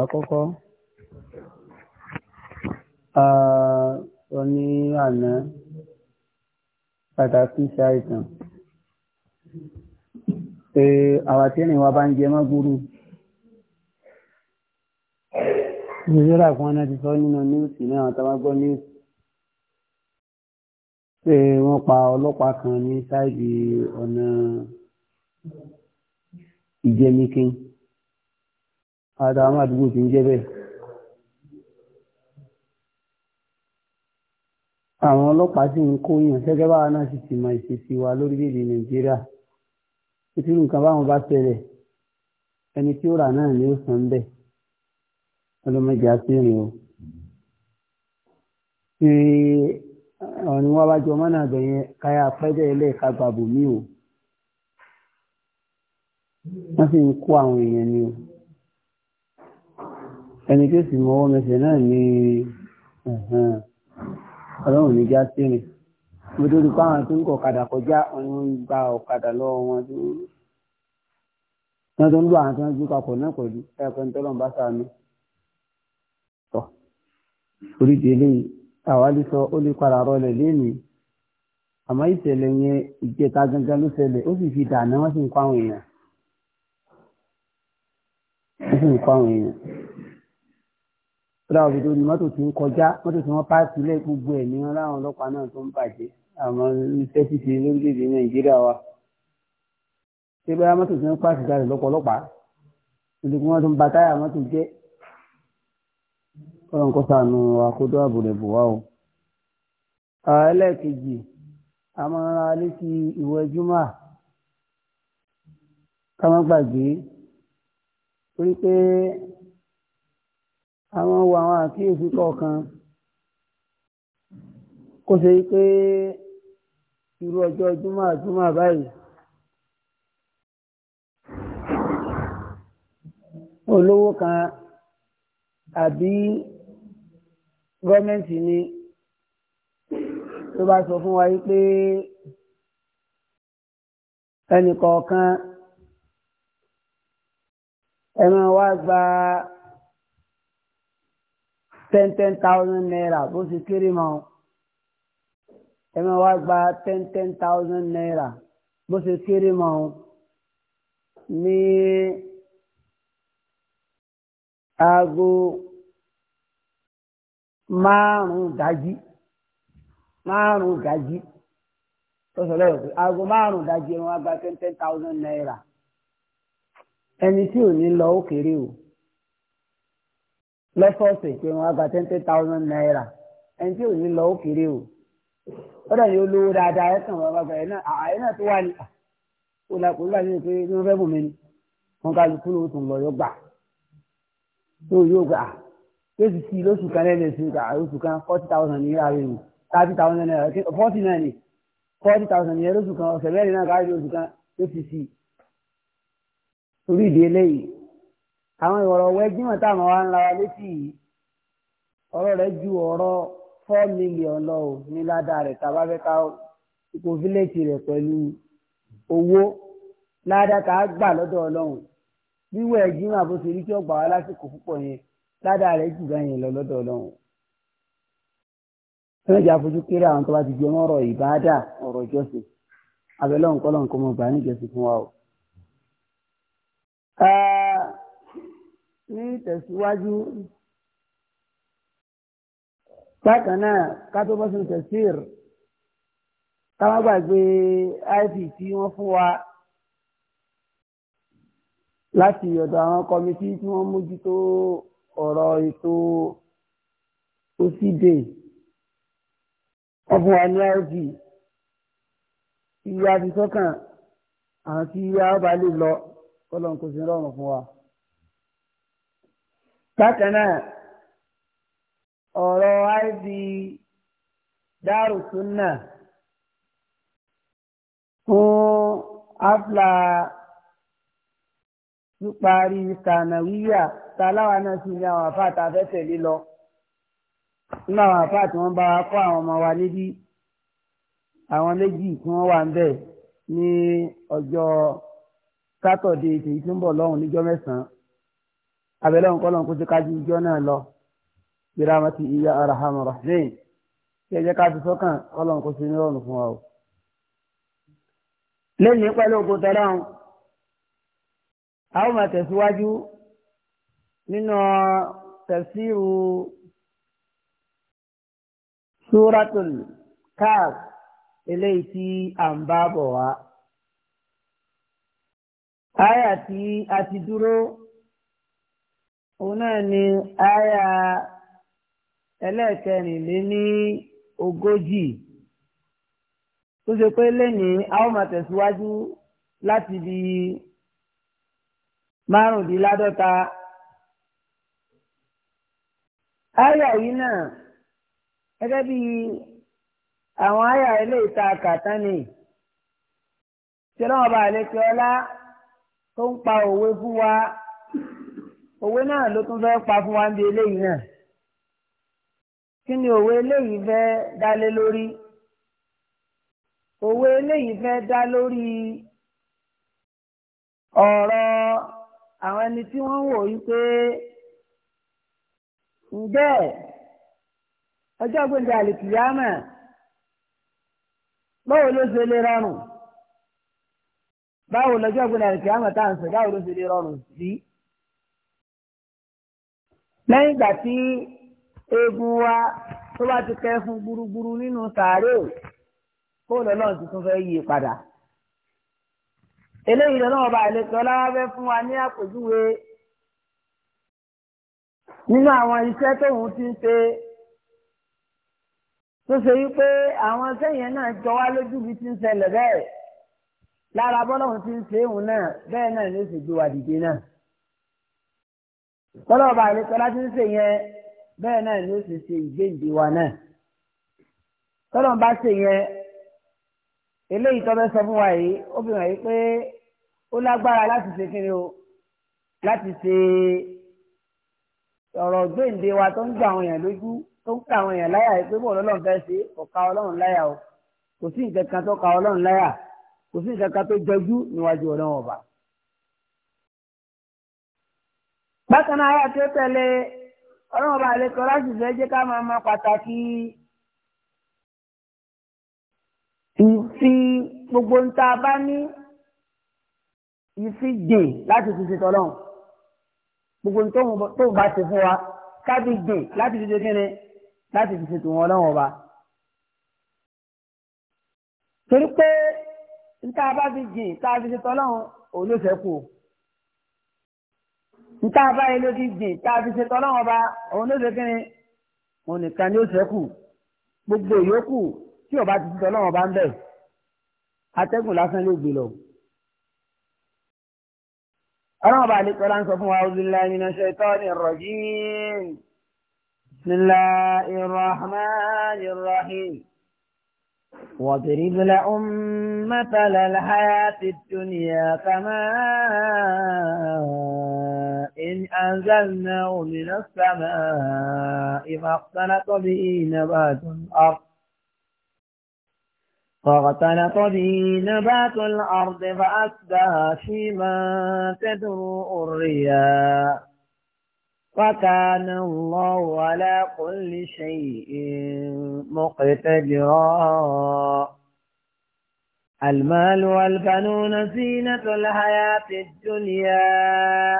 àkọ́kọ́ ọ ní àná pàtàkì ṣàìsàn pé àwọn tí ìrìn wa bá ń jẹ mọ́ gúrú ìrírà fún ọ̀nà ti sọ nínú níwùsì náà àtàwágbọ́ níwùsì pé wọ́n pa ọlọ́pàá kan ní sáìdì ọ̀nà ìjẹmíkín àtàwọn ọmọ àdúgbò tí ń jẹ́ bẹ́ẹ̀. àwọn ọlọ́pàá sì ń kó yàn gẹ́gẹ́ báwa náà sì ti mọ ìṣesí wa lórílẹ̀‐èdè nàìjíríà títí nǹkan báwọn bá ṣẹlẹ̀ ẹni tí ó rà náà ni ó san bẹ́ẹ̀ ọlọ́mọdé àṣírí o. ṣé ọ̀nì wọn bá jọ mọ́nà àgbẹ̀yẹn káyà pẹ́jẹ́ ẹlẹ́ẹ̀ka gbàbọ̀ mí o. wọ́n sì ń kó àwọn èèyàn ni o ẹni tí ó sì mọ ọwọ́ mẹsẹ̀ náà ni ọlọ́run ní já sí rìn mo tó rí páwọn tó ń kọ ọ̀kadà kọjá wọn ń gba ọ̀kadà lọ́wọ́ wọn tó wọn tó ń lọ àwọn tó ń gbé papọ̀ náà pẹ̀lú ẹ̀kọ́ ní tọ́lọ́mù bá sàánú tọ́ oríṣi eléyìí àwálí sọ ó lè padà rọlẹ̀ lénìí àmọ́ ìṣẹ̀lẹ̀ yẹn ìjẹta gangan ló ṣẹlẹ̀ ó sì fi dànù wọ́n sì ń kọ́ àwọn èèyàn kódà ni tó ní mọ́tò tí ń kọjá mọ́tò tí wọ́n páàkì lẹ́ gbogbo ẹ̀ ní wọn láwọn ọlọ́pàá náà tó ń bàjẹ́ àwọn iṣẹ́ ṣíṣe lórílẹ̀‐èdè nàìjíríà wa ṣé bóyá mọ́tò tí wọ́n páàkì jáde lọ́pọ̀ ọlọ́pàá ìdí kí wọ́n tó ń ba táyà mọ́tò jẹ́ kọ́lọ́n kó sànù àkójọ àbùrẹ̀ bù wá o. ẹlẹ́ẹ̀kejì àmọ́ra létí ìwẹ̀ júmọ́ ká má gbàgbé torí pé àwọn wo àwọn àkíyèsí kọ̀ọ̀kan kó ṣe pé irú ọjọ́ júmọ̀ júmọ̀ báyìí olówó kan àbí gọ́ọ̀mẹ̀ntì ni tó bá sọ fún wa pé ẹnì kọ̀ọ̀kan ẹ máa wá gba ten ten thousand naira bó ṣe kéré mọ́ ẹ máa wá gba ten ten thousand naira bó ṣe kéré mọ́ ní aago márùn-ún dájí márùn-ún dájí ó sọ lẹ́yìn pé aago márùn dájí ẹ máa gba ten ten thousand naira ẹni tí ò ní lọ ó kéré o lọ́sọ̀ọ̀sẹ̀ pé wọ́n á gba twenty thousand naira ẹni tí ò ní lọ ó kéré o ó dàbí olówó dáadáa ẹ kàn wọ́n bá gba ẹ náà àyè náà tó wà ní olùkọ́ nígbà tí pé ní wọ́n fẹ́ bù mí ni wọ́n ká lùkú ló tún lọ yóò gbà tó yóò gbà lóṣù sí lóṣù kan lẹ́nu oṣù kan oṣù kan forty thousand naira rẹ̀ ni thirty thousand naira forty naira ni forty thousand naira lóṣù kan ọ̀sẹ̀ mẹ́rin náà káàdì oṣù kan lóṣù sí torí ìdí eléyìí àwọn ìwọ̀rọ̀ wẹ́jímọ̀ táwọn wa ń la wa létí yìí ọ̀rọ̀ rẹ̀ ju ọ̀rọ̀ four million lọ ò ní ládàá rẹ̀ tàbá fẹ́ ká ipò fílẹ̀tì rẹ̀ pẹ̀lú owó ládàá tá a gbà lọ́dọ̀ ọlọ́run wíwẹ̀ ẹ̀jímọ̀ àbóṣe rí kí ọgbà wa lásìkò púpọ̀ yẹn ládàá rẹ̀ jù bẹ́ẹ̀ yẹn lọ lọ́dọ̀ ọlọ́run. sọ́jà fojú kéré àwọn tó bá ti jẹun ọ̀rọ̀ ìbáadà ọ̀rọ̀ ìjọsìn abẹ́lẹ́ òǹkọ́lọ́ nǹkan mọ̀ gbà níjọsìn fún wa ní tẹ̀síwájú bákan náà ká tó bọ́ sínú tẹ̀síìr káwọn gbàgbé ip tí wọ́n fún wa láti ọ̀dọ̀ àwọn kọmitì tí wọ́n mójútó ọ̀rọ̀ ètò òsídè wọ́n fún wa ní ip iye àfisọ́kàn àwọn tí iye lè lọ kọ́lọ́n kò sí rọrùn fún wa bákan náà ọ̀rọ̀ iv dárùsúnà fún afla píparí sànàwíyà tàláwà náà sì ní àwọn àfáà tá a fẹ́ tẹ̀lé lọ nínú àwọn àfáà tí wọ́n bá wa kọ́ àwọn ọmọ wa níbí àwọn méjì tí wọ́n wà ń bẹ̀ ní ọjọ́ sátọ̀dé èyí tí ń bọ̀ lọ́hùn níjọ́ mẹ́sàn-án abẹ́lẹ́ òun kọ́lọ́n kó ti kájú ijó náà lọ biramati iya arahamu rahman kí ẹ jẹ́ ká fi sọ́kàn kọ́lọ́n kó ti ní ọ̀run fún wa o. lẹ́yìn pẹ̀lú ògùn tọ́lọ́run a ó máa tẹ̀síwájú nínú tafsiru suratul Kahf eléyìí tí à ń bá bọ̀ wá. Aya tí a dúró òun náà ni àyà ẹlẹ́ẹ̀kẹrìnléní ogójì tó ṣe pé lẹ́nìí a ó máa tẹ̀síwájú láti di márùndínláàdọ́ta. àyà yìí náà gẹ́gẹ́ bí àwọn àyà ẹlẹ́ẹ̀ta kàtánì tí ọlọ́mọba àlejò ọlá tó ń pa òwe fún wa. òwe náà ló tún fẹ́ pa fún wa ń bi eléyìí náà ni òwe eléyìí fẹ́ dá lé lórí òwe eléyìí fẹ́ dá lórí ọ̀rọ̀ àwọn ẹni tí wọ́n wò yí pé ǹjẹ́ ọjọ́ gbèndé àlìkìyámà báwo ló ṣe lè rọrùn báwo lọ́jọ́ àlìkìyámà tá à ń sọ Si? lẹ́yìn ìgbà tí eegun wa tó bá ti kẹ́ fún gburugburu nínú sàárè kó lọ́lọ́run ti tún fẹ́ yí padà eléyìí lọ́nà ọba àlejò ọlọ́wọ́ fẹ́ fún wa ní àpèjúwe nínú àwọn iṣẹ́ tóun ti ń ṣe tó ṣe wípé àwọn sẹ́yìn náà jọ wá lójú bí ti ń ṣẹlẹ̀ bẹ́ẹ̀ lára bọ́lọ́hún ti ń ṣe òun náà bẹ́ẹ̀ náà ló sì gbé wa dìde náà tọ́lọ́ọ̀bà àlekọ́lá ti ń ṣe yẹn bẹ́ẹ̀ náà ni ó sì ṣe ìgbéǹde wa náà tọ́lọ́ọ̀bà ṣe yẹn eléyìí tọ́ bẹ́ sọ fún wa yìí ó fi hàn yìí pé ó lágbára láti ṣe kíni o láti ṣe ọ̀rọ̀ gbéǹde wa tó ń gbà àwọn èèyàn lójú tó ń ká àwọn èèyàn láyà yìí pé bó ọlọ́run fẹ́ ṣe kò ká ọlọ́run láyà o kò sí nǹkan kan tó ká ọlọ́run láyà kò sí nǹkan kan tó jọjú níwájú ọlọ́run ọba. bákan náà ayé àti ó tẹ̀lé ọlọ́run ọba àlekọ láti fẹ́ jẹ́ ká máa ma pàtàkì ìfi gbogbo ń ta bá ní ìfi dè láti fi ṣètò ọlọ́run gbogbo ń tó bá ṣe fún wa kábí dè láti fi ṣe kíni láti fi ṣètò wọn ọlọ́run ọba. torí pé ń ta bá fi dè tá a fi ṣètò ọlọ́run òun ló fẹ́ kú o níta báyìí ló ti gbìn tá a fi ṣe tọ́lọ́wọ́n ba òun ló ṣe kínni òun nìkan ni ó ṣẹ́kù gbogbo ìyókù tí ó bá ti ṣe tọ́lọ́wọ́n ba ń bẹ̀ atẹ́gùn lásán ló gbé lọ. ọlọ́wọ́n bá lè tọ́lá ń sọ fún wa auzubillahi minash shaitanir rajim. bismillahir rahmanir rahim. واضرب لهم مثل الحياة الدنيا كما إن أنزلناه من السماء فاختلط به نبات الأرض فاغتنط به نبات الأرض فأسدى شيما تدعو الرياح وكان الله على كل شيء مقتدرا المال والبنون زينة الحياة الدنيا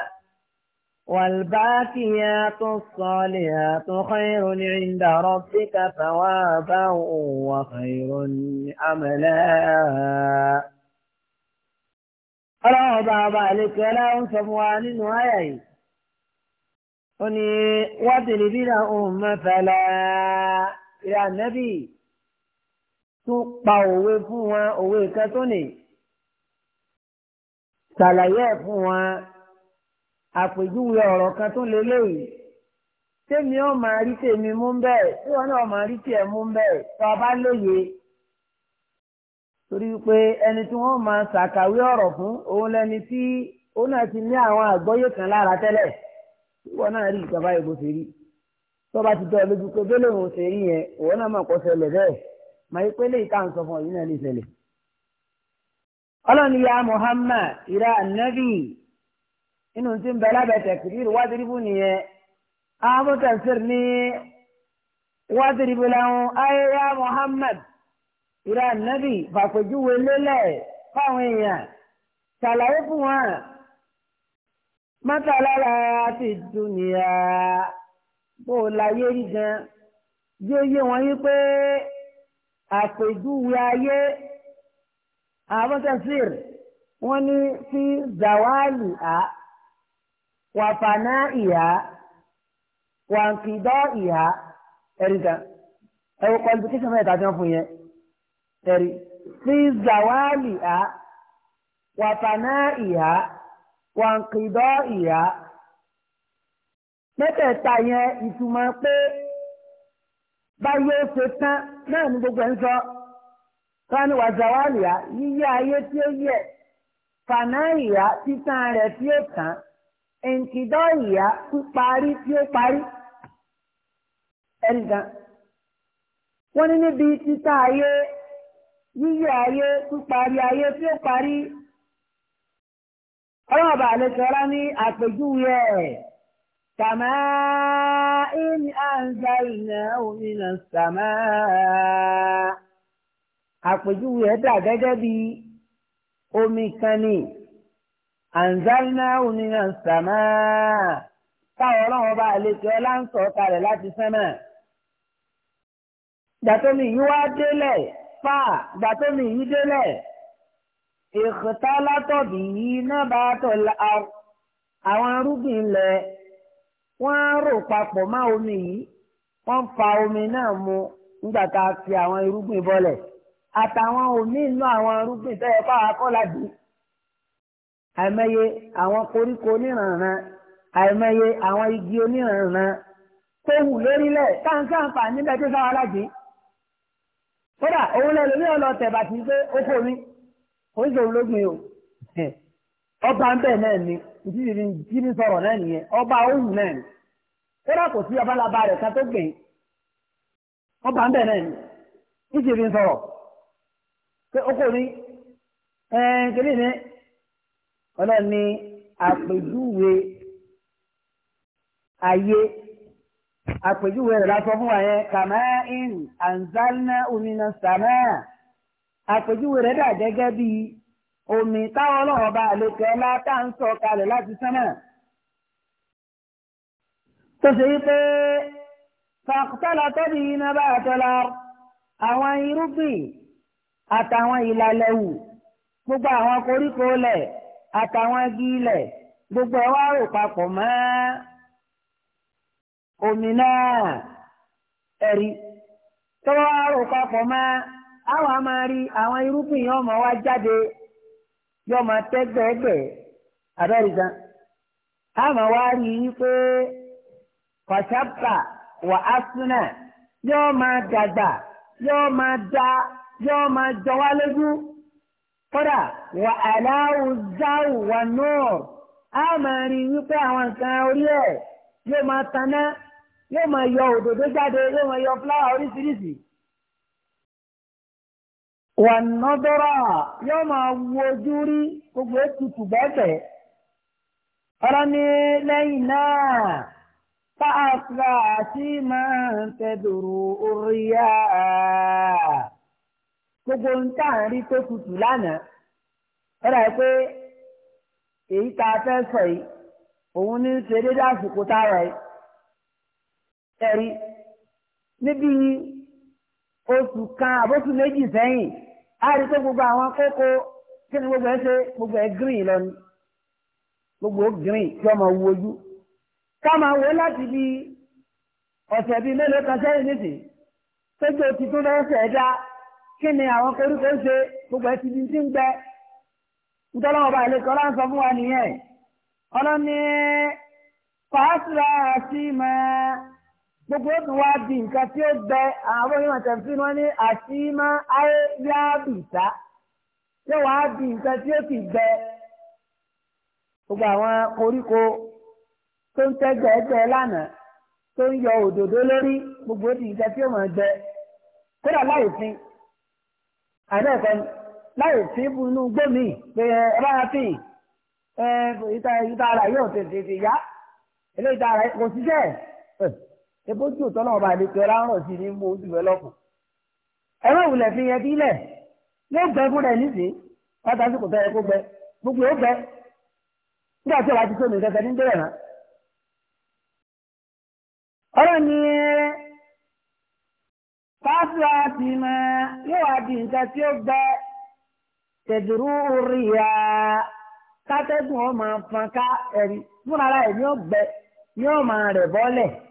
والباكيات الصالحات خير عند ربك ثوابا وخير عملا رواه بعض أهل الكلام صفوان وعيش ó ní wádìrí bí náà òun mẹ́fẹ̀lá ìyá nẹ́bì tún pa òwe fún wọn òwe kan tó nì ṣàlàyé ẹ̀ fún wọn àpèjúwe ọ̀rọ̀ kan tó lélẹ́yìí tèmi ọ̀ máa rí tèmi mú bẹ́ẹ̀ tí wọn náà máa rí tiẹ̀ mú bẹ́ẹ̀ tó a bá lóye torí pé ẹni tí wọ́n máa ṣàkàwé ọ̀rọ̀ fún òun lẹni tí òun náà ti ní àwọn àgbọ́yé kan lára tẹ́lẹ̀ ìwọ náà rí ìjọba ìbò ṣe rí tó bá ti dọ́ lójú pé bẹ́ẹ̀ lòun ṣe rí yẹn ìwọ náà mọ̀ kó ṣẹlẹ̀ bẹ́ẹ̀ màá yí pé lè ká ń sọ fún ọ̀yìn náà lè ṣẹlẹ̀. ọlọ́run ya Muhammad ìra ànábì inú ti ń bẹ lábẹ́ tẹ̀kìrì wádìrìbù nìyẹn àbútẹ̀sìr ní wádìrìbù làwọn ayé Muhammad ìra ànábì fàpèjúwe lélẹ̀ fáwọn èèyàn ṣàlàyé fún wọn mátàlára ti dùnìyà bó o láyé rí gan bí ó yé wọn yí pé àpèjúwe ayé àbọ̀tẹ̀sìr wọn ní sí zawali a wàfànà ìyá wàǹkìdọ́ ìyá ẹ̀rí gan ẹ̀rọ qualification mẹ́ta tí wọ́n fún yẹn ẹ̀rí sí zawali a wàfànà ìyá wàǹkìdọ́ ìyá mẹ́tẹ̀ẹ̀ta yẹn ìtumọ̀ pé báyé ó ṣe tán náà ní gbogbo ẹ̀ ń sọ kánú wàzàwálìá yíyé ayé tí ó yẹ fànáìyá títàn rẹ̀ tí ó tán ẹ̀ǹkìdọ́ ìyá píparí tí ó parí ẹ̀ǹkan wọ́n ní níbi títà ayé yíyé ayé píparí ayé tí ó parí ọlọ́run ọba àlejò ọlá ní àpèjúwe ẹ̀ kàmá in anza ìnà òmìnà sàmá àpèjúwe ẹ̀ dà gẹ́gẹ́ bí omi kan ní anza ìnà òmìnà sàmá táwọn ọlọ́run ọba àlejò ń sọ kalẹ̀ láti sánmà gbàtómi yìí wá délẹ̀ fà gbàtómi yìí délẹ̀ ìkọtálátọ̀ bí yìí náà bá tọ̀ àwọn arúgbìn ilẹ̀ wọ́n á rò papọ̀ má omi yìí wọ́n fa omi náà mu nígbà tá a fi àwọn irúgbìn bọ́lẹ̀ àtàwọn omi inú àwọn irúgbìn tó yẹ fáwọn akọ́ládì àìmọye àwọn koríko oníranran àìmọye àwọn igi oníranran tó wù lórílẹ̀ táǹkì àǹfààní bẹ́ẹ̀ tó sáwọn aládìí kódà òun lẹ́nu ní ọ̀nà ọ̀tẹ̀ bàtí pé ó kò ní oníṣòwò ológun o ọba ń bẹ̀ náà ni ìdílé jí ní sọ̀rọ̀ náà nìyẹn ọba òhùn náà ni kódà kò sí abalaba rẹ̀ ká tó gbìn ọba ń bẹ̀ náà ni ìdílé ń sọ̀rọ̀ pé oko ni kìnìún ni ọlọ́ni àpèjúwe ayé àpèjúwe rẹ̀ lásán fún wa yẹn kàmáà in anzalna omina sàmáà àpèjúwe rẹ̀ dà gẹ́gẹ́ bí omi táwọn ọlọ́run bá àlejò ọlá tá à ń sọ kalẹ̀ láti sánà tó ṣe wípé fàkútàlà tẹ́bi iná bá àtọ́lá àwọn irúgbìn àtàwọn ìlàlẹ̀wù gbogbo àwọn koríko lẹ̀ àtàwọn igi ilẹ̀ gbogbo ẹ̀ wá rò papọ̀ mọ́ omi náà ẹ̀rí tó wá rò papọ̀ mọ́. àwọn a máa rí àwọn irúgbìn yóò máa wá jáde yóò máa tẹ́gbẹ̀ẹ́gbẹ̀ abẹ́rìsá a máa wá rí i pé kọ̀ṣápà wà á súnà yóò máa dàgbà yóò máa da yóò máa jọ wá lójú kódà wà aláwù záwù wà nùr a máa rí i pé àwọn nǹkan orí ẹ̀ yóò máa taná yóò máa yọ òdòdó jáde yóò máa yọ fúláwà oríṣiríṣi. wà nọ́dọ́rà yóò máa wojú rí gbogbo ètùtù bẹ́ẹ̀ ọ̀rọ̀ ni lẹ́yìn náà fàásùlà àti máa ń tẹ̀dùrù orí yá gbogbo ń tà ń rí tó tutù lánàá ọ̀rọ̀ pé èyí tá a fẹ́ sọ yìí òun ní ṣe déédéé àsìkò tá a rà yìí ẹ̀rí níbi oṣù kan àbóṣù méjì sẹ́yìn a rí pé gbogbo àwọn kókó kí ni gbogbo ẹ ṣe gbogbo ẹ green lọ ni gbogbo green tí ọmọ wu ojú ká máa wọ láti bí ọ̀sẹ̀ bíi mélòó kan sẹ́yìn nìsín péjọ ti tún lọ́sẹ̀ dá kí ni àwọn koríko ṣe gbogbo ẹ ti di ti ń gbẹ nítorí ọba àlekọ láń sọ fún wa nìyẹn ọlọ́ni fàásùrà àti mẹ́ẹ́ gbogbo oṣù wa di nǹkan tí ó gbẹ àwọn onímọ̀ tẹ̀sí wọn ní àṣìmá ayélujábìtá tí wàá di nǹkan tí ó ti gbẹ gbogbo àwọn koríko tó ń tẹ́gbẹ̀ẹ́gbẹ́ lánàá tó ń yọ òdòdó lórí gbogbo oṣù nǹkan tí ó mọ̀ gbẹ kódà láì fin àdẹ́ẹ̀kọ́ láì fin inú gbómi pé ẹ bá yà fin ẹ ìta ara yóò tètè yá eléyìí ta ara kò ṣiṣẹ́ ẹ ebójú òtọ́lọ́ ọba àlejò ọlá ń rọ̀ sí ní mú ojú rẹ lọ́kù ẹ̀rọ ìwùlẹ̀ fi yẹn sílẹ̀ yóò gbẹ fún rẹ nísìnyí pátá sí kò tẹ́ ẹ kó gbẹ gbogbo yóò gbẹ nígbà tí ọba ti tó nìkan kẹ́kẹ́ ní dẹ́rẹ̀ náà. ọ̀rọ̀ ni pásítọ̀ àti mọ́ yóò wá di nǹkan tí ó gbẹ tẹ̀dúrú rí ya kátẹ́gùn ọmọ fọ́nká ẹ̀rí fúnra rẹ̀ ni ó gbẹ ni ó máa rẹ̀ bọ́lẹ̀.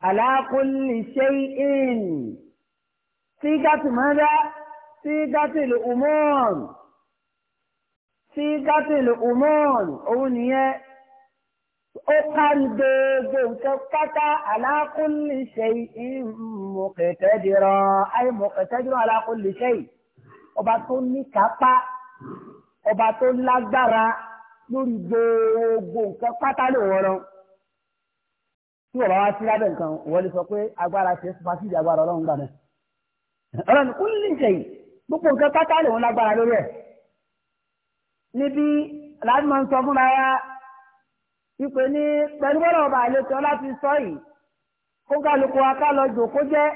ala kulli shay'in sigatu madha sigatu al-umum sigatu al-umum òun nìyẹn ó kárí gbogbo nǹkan pátá ala kulli shay'in muqtadira ay muqtadira ala kulli shay ọba tó ní kápá ọba tó lágbára lórí gbogbo nǹkan pátá lòwọ́rọ́ tí wọ́n bá wá sí lábẹ́ nǹkan wọ́n lè sọ pé agbára ṣe fásitì agbára ọlọ́run gbà náà ọlọ́run kún lè ṣe gbogbo nǹkan pátá lòun lágbára lórí ẹ̀ níbi láti máa ń sọ fúnra ya ìpè ní pẹ̀lú bọ́lá ọba àlejò láti sọ yìí kó kálukú wa ká lọ jòkó jẹ́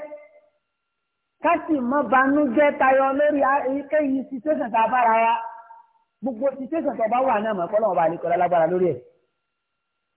ká sì mọ́ banújẹ́ tayọ lórí èyíkéyìí situation tá a bára wa gbogbo situation tó bá wà náà mọ̀ kọ́ ọba àlejò lágbára lórí ẹ̀.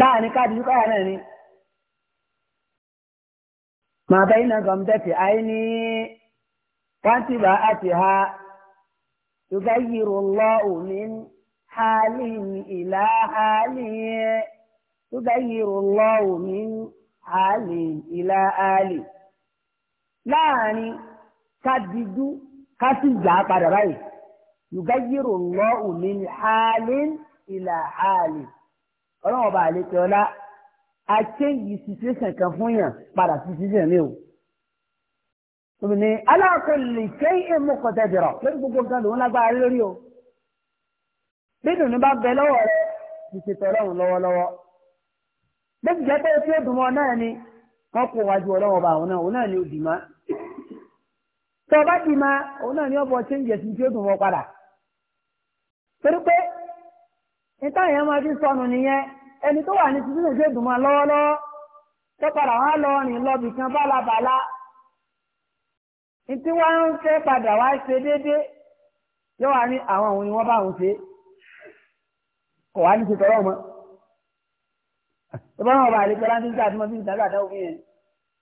láàrin káàdì káyà náà ni màá bẹ iná gọmdẹtì àyè ní wántìbà àti ha yugayiru lọ́ọ̀ ní hali ìlà hali yugayiru lọ́ọ̀ ní hali ìlà hali láàrin kádìdú kásì gbà padà báyìí yugayiru lọ́ọ̀ ní hali ìlà hali ọlọ́run ọba àlejò ọlá a change situation kan fún yàn padà sí situation mi o. Tòmí ni aláàkó lè ṣe é mú kọ̀tẹ́ jọ̀rọ̀ lórí gbogbo nǹkan lòun lágbára lórí o. Bí dùnú bá bẹ lọ́wọ́ rẹ̀ ti ṣètò ọlọ́run lọ́wọ́lọ́wọ́. Bí ti jẹ́ pé tí ó dùn mọ́ náà ni wọ́n kó wájú ọlọ́run ọba àwọn náà òun náà ni ó dì má. Tọ́ ọ bá dì òun náà ni ọ̀bọ̀ change ẹ̀sìn tí ó dùn mọ́ padà. Torí pé níta yẹn máa fi sọnù nìyẹn ẹni tó wà ní títí ṣe dùnmọ́ lọ́wọ́lọ́wọ́ tó padà wá lọ rìn lọ bìkan bálabàla tí wọ́n ń fẹ́ padà wá ṣe déédéé yóò wá ní àwọn òun ni wọ́n bá òun ṣe kò wá ní ṣe tọrọ mọ́ ìbọn ọba àlejò láti ń sàtúmọ̀ sí ìdájọ́ àdáwò fún yẹn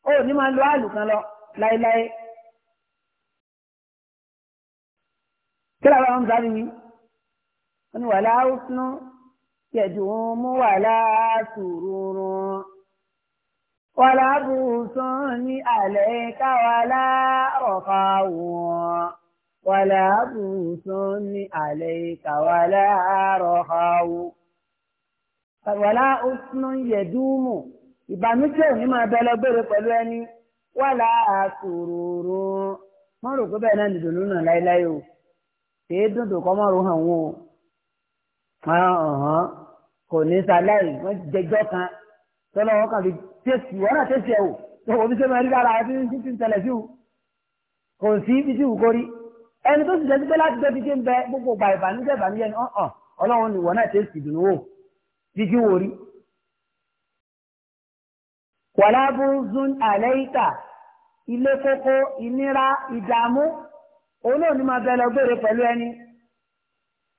ó ní máa ń lo àlù kan lọ láéláé kí làwọn ọmọ sáà nìyí wọn ni wàhálà áwùsùnú kẹdùn mú wàhálà sùúrù wàhálà bùsùn ní àlẹ́ káwàlà ọ̀fà wọn wàhálà bùsùn ní àlẹ́ káwàlà ọ̀fà wọn. wàhálà áwùsùnú yẹdùn mú ìbànújẹ́ òní máa bẹ lọgbére pẹ̀lú ẹni wàhálà àsùrùrù mọ́rùkú bẹ́ẹ̀ náà dìdùn nínú láéláé o kì í dùn kọ́ mọ́rùn hàn wọ́n o ọ̀hán kò ní sàlẹ́rì wọ́n jẹjọ́ kan tọ́lọ́ wọn kàn fi tẹ́sì wọn náà tẹ́sì ẹ̀ wò tó wọ́n fi ṣe máa rí lára ẹ̀ fi ti ń tẹ̀lẹ̀ sí wù kò sí ibi tí wù kó rí ẹni tó sì jẹ́ pé láti tẹ́bi tí ń bẹ gbogbo gba ìbànújẹ́ ìbànújẹ́ ni ọ̀hán ọlọ́run ni wọn náà tẹ́sì dùnú wò títí wò rí. wàlábùzún àlẹ́yìká ilé kókó ìnira ìdààmú òun máa bẹ lọ pẹ̀lú ẹni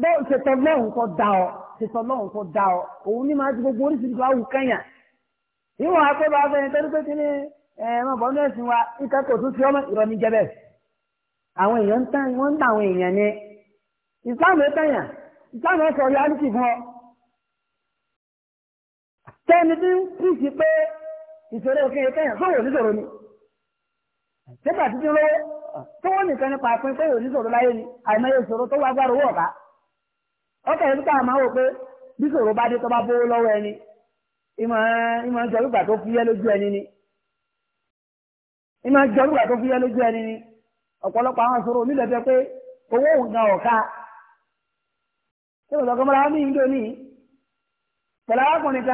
bẹ́ẹ̀ ṣe lọ́hùn ọ ṣe lọ́hùn kọ́ da ọ òun ní máa ti gbogbo oríṣiríṣi àwọn kẹ́yà ìwọ̀n akwụkwọ afẹ́yìn tẹ́lú pé kí ni ẹ̀ẹ́mọ̀ bọ́ wa ìkẹ́kọ̀ọ́ tó fi ọmọ àwọn èèyàn ń tán wọ́n ni tẹ́ni ń pìsì pé ìṣòro sọ̀rọ̀ ni ṣé ti tó wọ́n nìkan nípa pé láyé Ọ ka ká máa wò pé bí sòrò bá dé tó bá bówó lọ́wọ́ ẹni ìmọ̀ ń tó fúyẹ́ lójú ẹni ni ìmọ̀ ń lójú ẹni ni ọ̀pọ̀lọpọ̀ àwọn sòrò onílẹ̀ fẹ́ pé owó òǹkà ọ̀ka tó lọ ní ìdó ní pẹ̀lú arákùnrin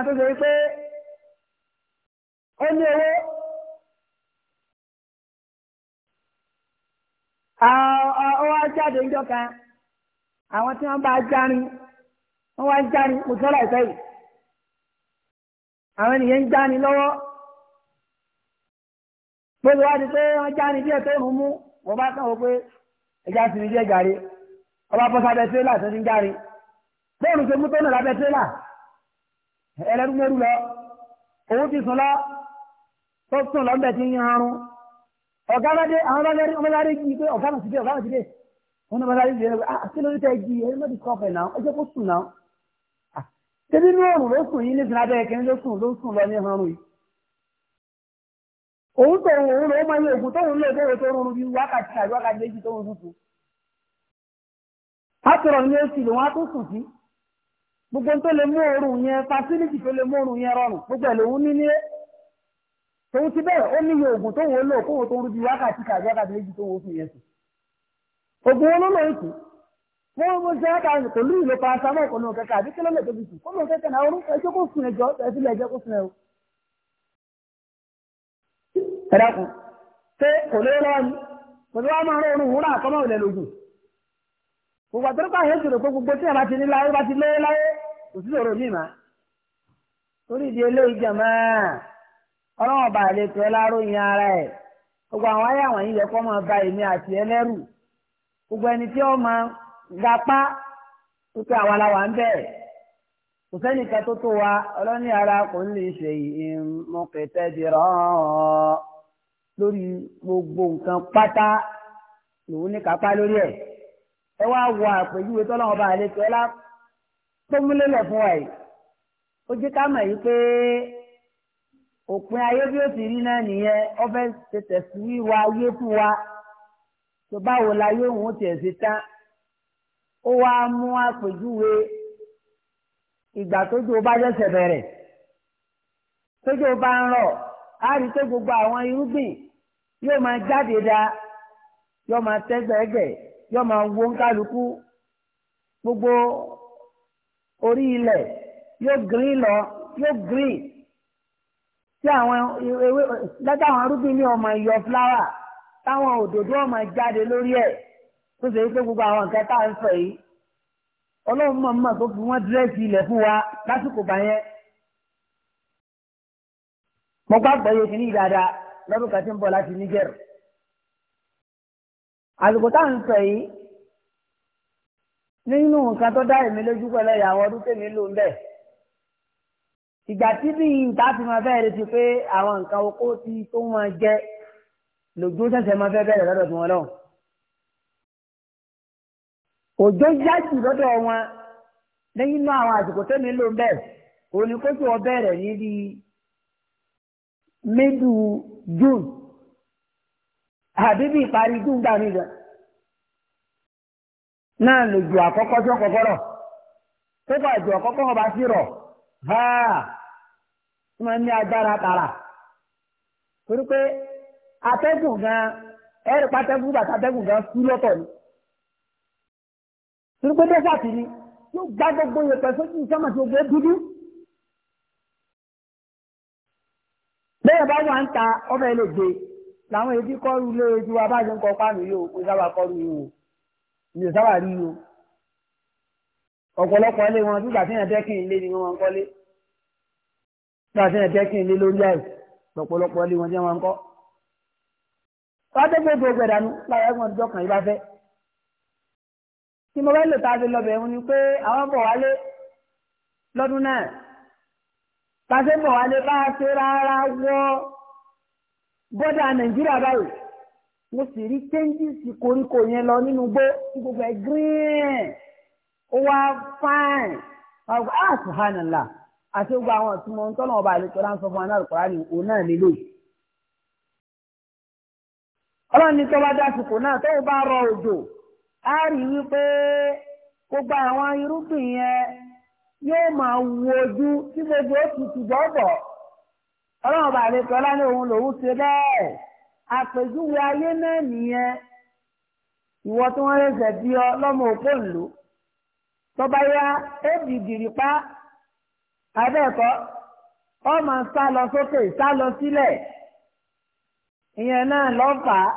kan àwọn tí wọ́n bá járin wọ́n wá járin mo sọ́ra ìfẹ́ yìí àwọn ènìyàn ń járin lọ́wọ́ gbogbo wa di pé wọ́n járin díẹ̀ tó ń mú mo bá kàn wọ́n pé ẹja sì ní díẹ̀ jàre ọba bọ́sà bẹ tírélà tó ti ń járin bóòlù ṣe mú tó nà lábẹ́ tírélà ẹlẹ́rúmẹ́rú lọ òun ti sùn lọ tó sùn lọ́ńbẹ̀ ti ń yan arun ọ̀gá bá dé àwọn ọlọ́lẹ́rí ọmọlárí yìí pé ọ̀gá mà ti dé ọ̀gá mà ti dé wọn náà bá láyé ìṣẹ̀lẹ̀ ah kí ló ń tẹ jí ẹ mẹ́tì kọ́fẹ̀ náà ẹ jẹ́ kó sùn náà tẹ́lẹ̀ ní òrùn ló sùn yín ní sinadá ẹ̀kẹ́ ló sùn ló sùn lọ ní ọrùn yìí òun tó òun òun ló máa yẹ ògùn tóun lè bẹ̀rẹ̀ tó rọrùn bí wákàtí àbí wákàtí méjì tóun tuntun pásítọ̀rọ̀ ní oṣù lòun á tó sùn sí gbogbo tó lè mú òórùn yẹn fásilítì tó lè mú òórùn yẹn rọrùn gbogbo ẹ̀ lòun ní ní tòun ti bẹ́ẹ̀ ó níye ògùn tóun lò kóun tó rú bí wákàtí àbí wákàtí méjì tóun sùn yẹn sùn ogun olólo ikú wọn mo ṣe ẹka pẹ̀lú ìlò paracetamol kò náà kẹkẹ àbí kílọlẹ tóbi sùn kó lọ náà orúkọ ẹjọ kó sùn ẹjọ ẹsìn lẹjọ kó sùn ẹ o. ẹ dákun ṣé kò lówó lọ́wọ́ ni kò lówó máa rán orun wúrà àkọ́mọ́ gbogbo pé gbogbo tí bá ti ní láyé bá ti láyé kò sí torí ìdí gbogbo ẹni tí ó máa gapá wípé àwa la wà ń bẹ̀ kò sẹ́nìkan tó tó wa ọlọ́ní ara kò ní ṣe ìmọ̀kẹ́tẹ́dìrọ̀ lórí gbogbo nǹkan pátá lòun ní kápá lórí ẹ̀ ẹ wá wọ àpèjúwe tọ́lọ́wọ́n bá àlejò ẹ lá tó múlélẹ̀ fún wa yìí ó jẹ́ ká mọ̀ yìí pé òpin ayé bí ó ti rí náà nìyẹn ó fẹ́ ṣe tẹ̀síwí wa ayé fún wa tó báwo la yóò wọ́n tiẹ̀ sí tán ó wá mú àpèjúwe ìgbà tójú ó bá ṣẹ̀ṣẹ̀ bẹ̀rẹ̀ tójú ó bá ń rọ̀ á rí tó gbogbo àwọn irúgbìn yóò máa jáde da yóò máa tẹ́gbẹ̀ẹ́gbẹ̀ yóò máa wo ń kálukú gbogbo orí ilẹ̀ yóò green lọ yóò green tí àwọn ewé látàwọn irúgbìn ní ọmọ ìyọ fúláwà táwọn òdòdó ọmọ jáde lórí ẹ̀ tó ṣe pé gbogbo àwọn nǹkan tá à ń sọ yìí ọlọ́run mọ̀ mọ̀ tó fi wọ́n dírẹ́sì ilẹ̀ fún wa lásìkò bá yẹn. mo gbàgbọ́ yóò fi ní ìdada lọ́dún kan tí ń bọ̀ láti Niger. àsìkò tá à ń sọ yìí nínú nǹkan tó dá èmi lójú pẹ̀lú ìyàwó ọdún tèmi ló ń bẹ̀. ìgbà tí bí ìta fi máa fẹ́ẹ́ retí pé àwọn nǹkan oko ti tó wọn jẹ́ lòdó sẹ̀sẹ̀ máa fẹ́ bẹ̀rẹ̀ lọ́dọ̀ tí wọ́n lọ́wọ́. òjò yá jù lọ́dọ̀ wọn lẹ́yìn náà àwọn àsìkò tó nílò bẹ́ẹ̀ ni kó tó bẹ̀rẹ̀ níbi middle June àbí bí ìparí June gbà mí gan náà lòdù àkọ́kọ́ tó kọ́kọ́ rọ̀ tó bá sí rọ̀ wọ́n atẹ́gùn gan ẹ̀rì pátẹ́gùn gbàtà atẹ́gùn gan kú lọ́tọ̀ ni torí pé dẹ́sàtì ni yóò gbá gbogbo yẹpẹ sójú ìsọ́mọ̀ tí gbogbo dúdú bẹ́ẹ̀ bá wà ń ta ọmọ ẹ lè gbé làwọn èdè kọ́rù lé ojú wa bá ṣe ń kọ pánù yìí o kò sábà kọ́rù yìí o mi ò sábà rí o ọ̀pọ̀lọpọ̀ ilé wọn bí gbàtí yẹn dẹ́kìn ilé ni wọ́n ń kọ́lé gbàtí yẹn dẹ́kìn ilé lórí àì ọ̀pọ̀lọpọ̀ ilé wọn jẹ́ wọn ń kọ́ fàdébé gbogbo ìdánù láyé ẹgbọn ọjọ́ kan ìbá fẹ́ tí mo bá lò tá a fi lọbẹ ẹhún ni pé àwọn bọ̀ wálé lọ́dún náà pàṣẹ bọ̀ wálé bá a ṣe rárá wọ bọ́dà nàìjíríà báyìí mo sì rí kéńjìsì koríko yẹn lọ nínú gbó tí gbogbo ẹ̀ gírín ó wá fáìn àwọn àṣùhánàlà àti gbogbo àwọn ìtumọ̀ ń tọ́nà ọba àlejò láǹfọ̀fọ̀ anáàlùkọ́rá ni òun náà nílò yìí ọlọ́run ní tó bá dásìkò náà tó bá rọ òjò á rí wípé gbogbo àwọn irúgbìn yẹn yóò máa wo ojú tí gbogbo òtútù bọ̀bọ̀ ọlọ́run bá lè tọ́lá ní òun lòún ṣe bẹ́ẹ̀ àpèjúwe ayé náà nìyẹn ìwọ tí wọ́n rẹ̀ṣẹ̀ bí ọ lọ́mọ òpó ìlú tó bá yá ó di dìrìpá abẹ́ẹ̀kọ́ ọ máa sá lọ sókè sá lọ sílẹ̀ ìyẹn náà lọ́ fà á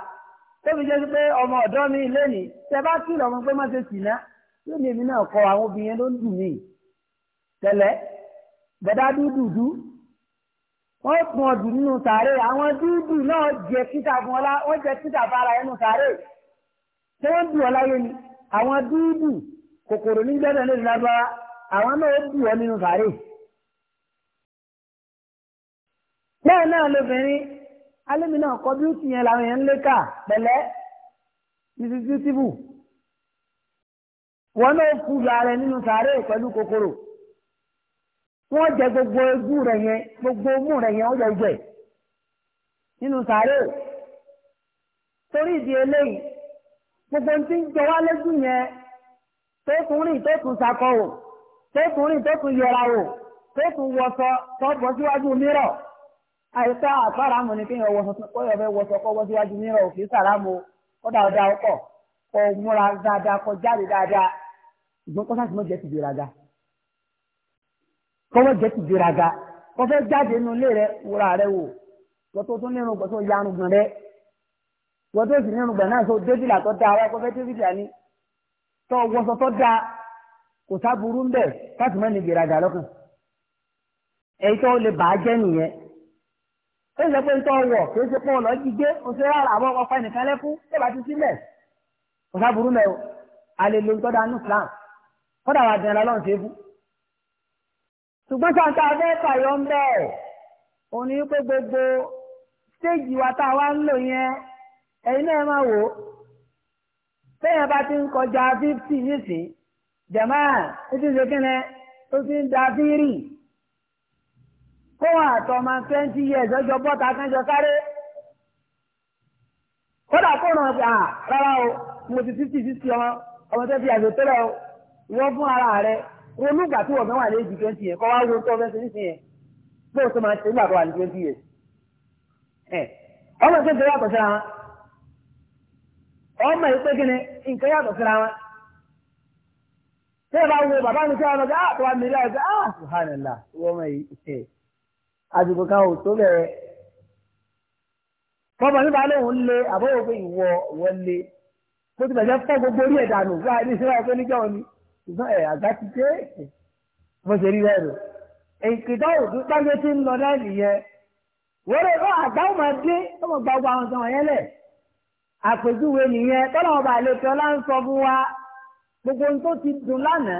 tóbi jẹ́ pé ọmọ ọ̀dọ́ mi lónìí tẹ bá kí lọ́mọ pé má ṣe sì ná yóò ní èmi náà kọ àwọn obìnrin ló ń dùn mí tẹ́lẹ̀ bẹ̀dá dúdùdú wọ́n pọn ọdún nínú sàárè àwọn dúdù náà jẹ títà fún ọlá wọ́n jẹ títà fara ẹnu sàárè tí wọ́n dùn ọ láyé ni àwọn dúdù kòkòrò ní gbẹ́dọ̀ lórí lágbára àwọn náà dùn ọ nínú sàárè. bẹ́ẹ̀ náà lóbìnrin alẹ́mi náà kọ bí ó ti yẹn làwọn èèyàn ń lé kà pẹ̀lẹ́ ìsìtìtìbù wọn náà kú yàrá nínú sàárè pẹ̀lú kòkòrò wọ́n jẹ gbogbo egbú rẹ̀ yẹn gbogbo mú rẹ̀ yẹn wọ́n jẹ jẹ nínú sàárè torí ìdí eléyìí gbogbo ti ń jọ wá lójú yẹn tó tún rìn tó tún sakọ wò tó tún rìn tó tún yẹra wò tó tún wọṣọ tó bọ́ síwájú mìíràn àìsá àfáramù ni kéèyàn wọ sọsọ kọ́ ọ̀fẹ́ wọ sọkọ́ wọ́n síwájú mìíràn òfin sàrámù kọ́dà ọ̀dà ọkọ̀ kọ́ múra dáadáa kọ́ jáde dáadáa ìgbọ́n kọ́ sáàtì mọ́ jẹ́ ti gbéraga kọ́wọ́ jẹ́ ti gbéraga kọ́ fẹ́ jáde nínú ilé rẹ wúra rẹ wò wọ́n tó tún nínú gbọ̀nsó yarun gan rẹ wọ́n tó sì nínú gbọ̀n náà sọ débìlà tó dáa wọ́n kọ́ fẹ́ débìlà ni tọ́ wọ́sọ tó dáa kò sáburú ń bẹ̀ sáàtì mọ́ ni gbéraga lọ́kàn èyí tó lè bàá jẹ́ nìyẹn ó ṣe pé nǹkan wọ̀ kí ó ṣe pé ọ̀nà jíjẹ́ ó ṣe rárá àwọn ọmọ ọ̀fà ẹnìkan lẹ́kún tó bá ti sílẹ̀ kò sábúrú mẹ́ o a lè lo ìtọ́jà ní Islam kódà wà dìnyẹn lọ́lọ́run ṣe é fún. ṣùgbọ́n sàǹtà fẹ́ fàyọ ń bẹ̀ òun ni pé gbogbo stéèjì wa tá a wá ń lò yẹn ẹ̀yin náà máa wò ó bẹ́ẹ̀ bá ti ń kọjá fífì nísìn jẹ̀máà ó ti ṣe kí kó a twenty years ọjọ́ bọ́ta kánjọ sáré kódà kó ràn án rárá o mo ti fifty fifty ọmọ ọmọ tẹ́tí àjò tẹ́lẹ̀ o wọ́n fún ara rẹ̀ olùgbà tí wọ́n mẹ́wàá lé ju twenty yẹn kọ́ wá wo tó bó o tó máa ṣe nígbà tó wà ní twenty years ọmọ ìpè yàtọ̀ síra wọn ọmọ ìpè gíní nǹkan yàtọ̀ síra wọn tẹ́lẹ̀ bá wo bàbá mi tẹ́lẹ̀ mi rí àsìkò kan ò tó bẹ̀rẹ̀ bọ́bá nípa lóun lé àbọ̀wò pé ìwọ ìwọ lé bó ti bẹ̀rẹ̀ fọ́ gbogbo orí ẹ̀dà nù fún àìní síra ọ̀pẹ níjọ́ ni ṣùgbọ́n ẹ̀ àgbà ti dé bó ṣe rí rẹ̀ rò èkìtọ́ òdú tágé tí ń lọ náà nìyẹn wọ́rẹ́ ó àgbà ó máa dé ó mọ̀ gba gbogbo àwọn ọ̀sán wọ̀nyẹn lẹ̀ àpèjúwe nìyẹn tọ́lọ́mọba àlejò ọlá ń sọ fún wa gbogbo ohun tó ti dùn lánàá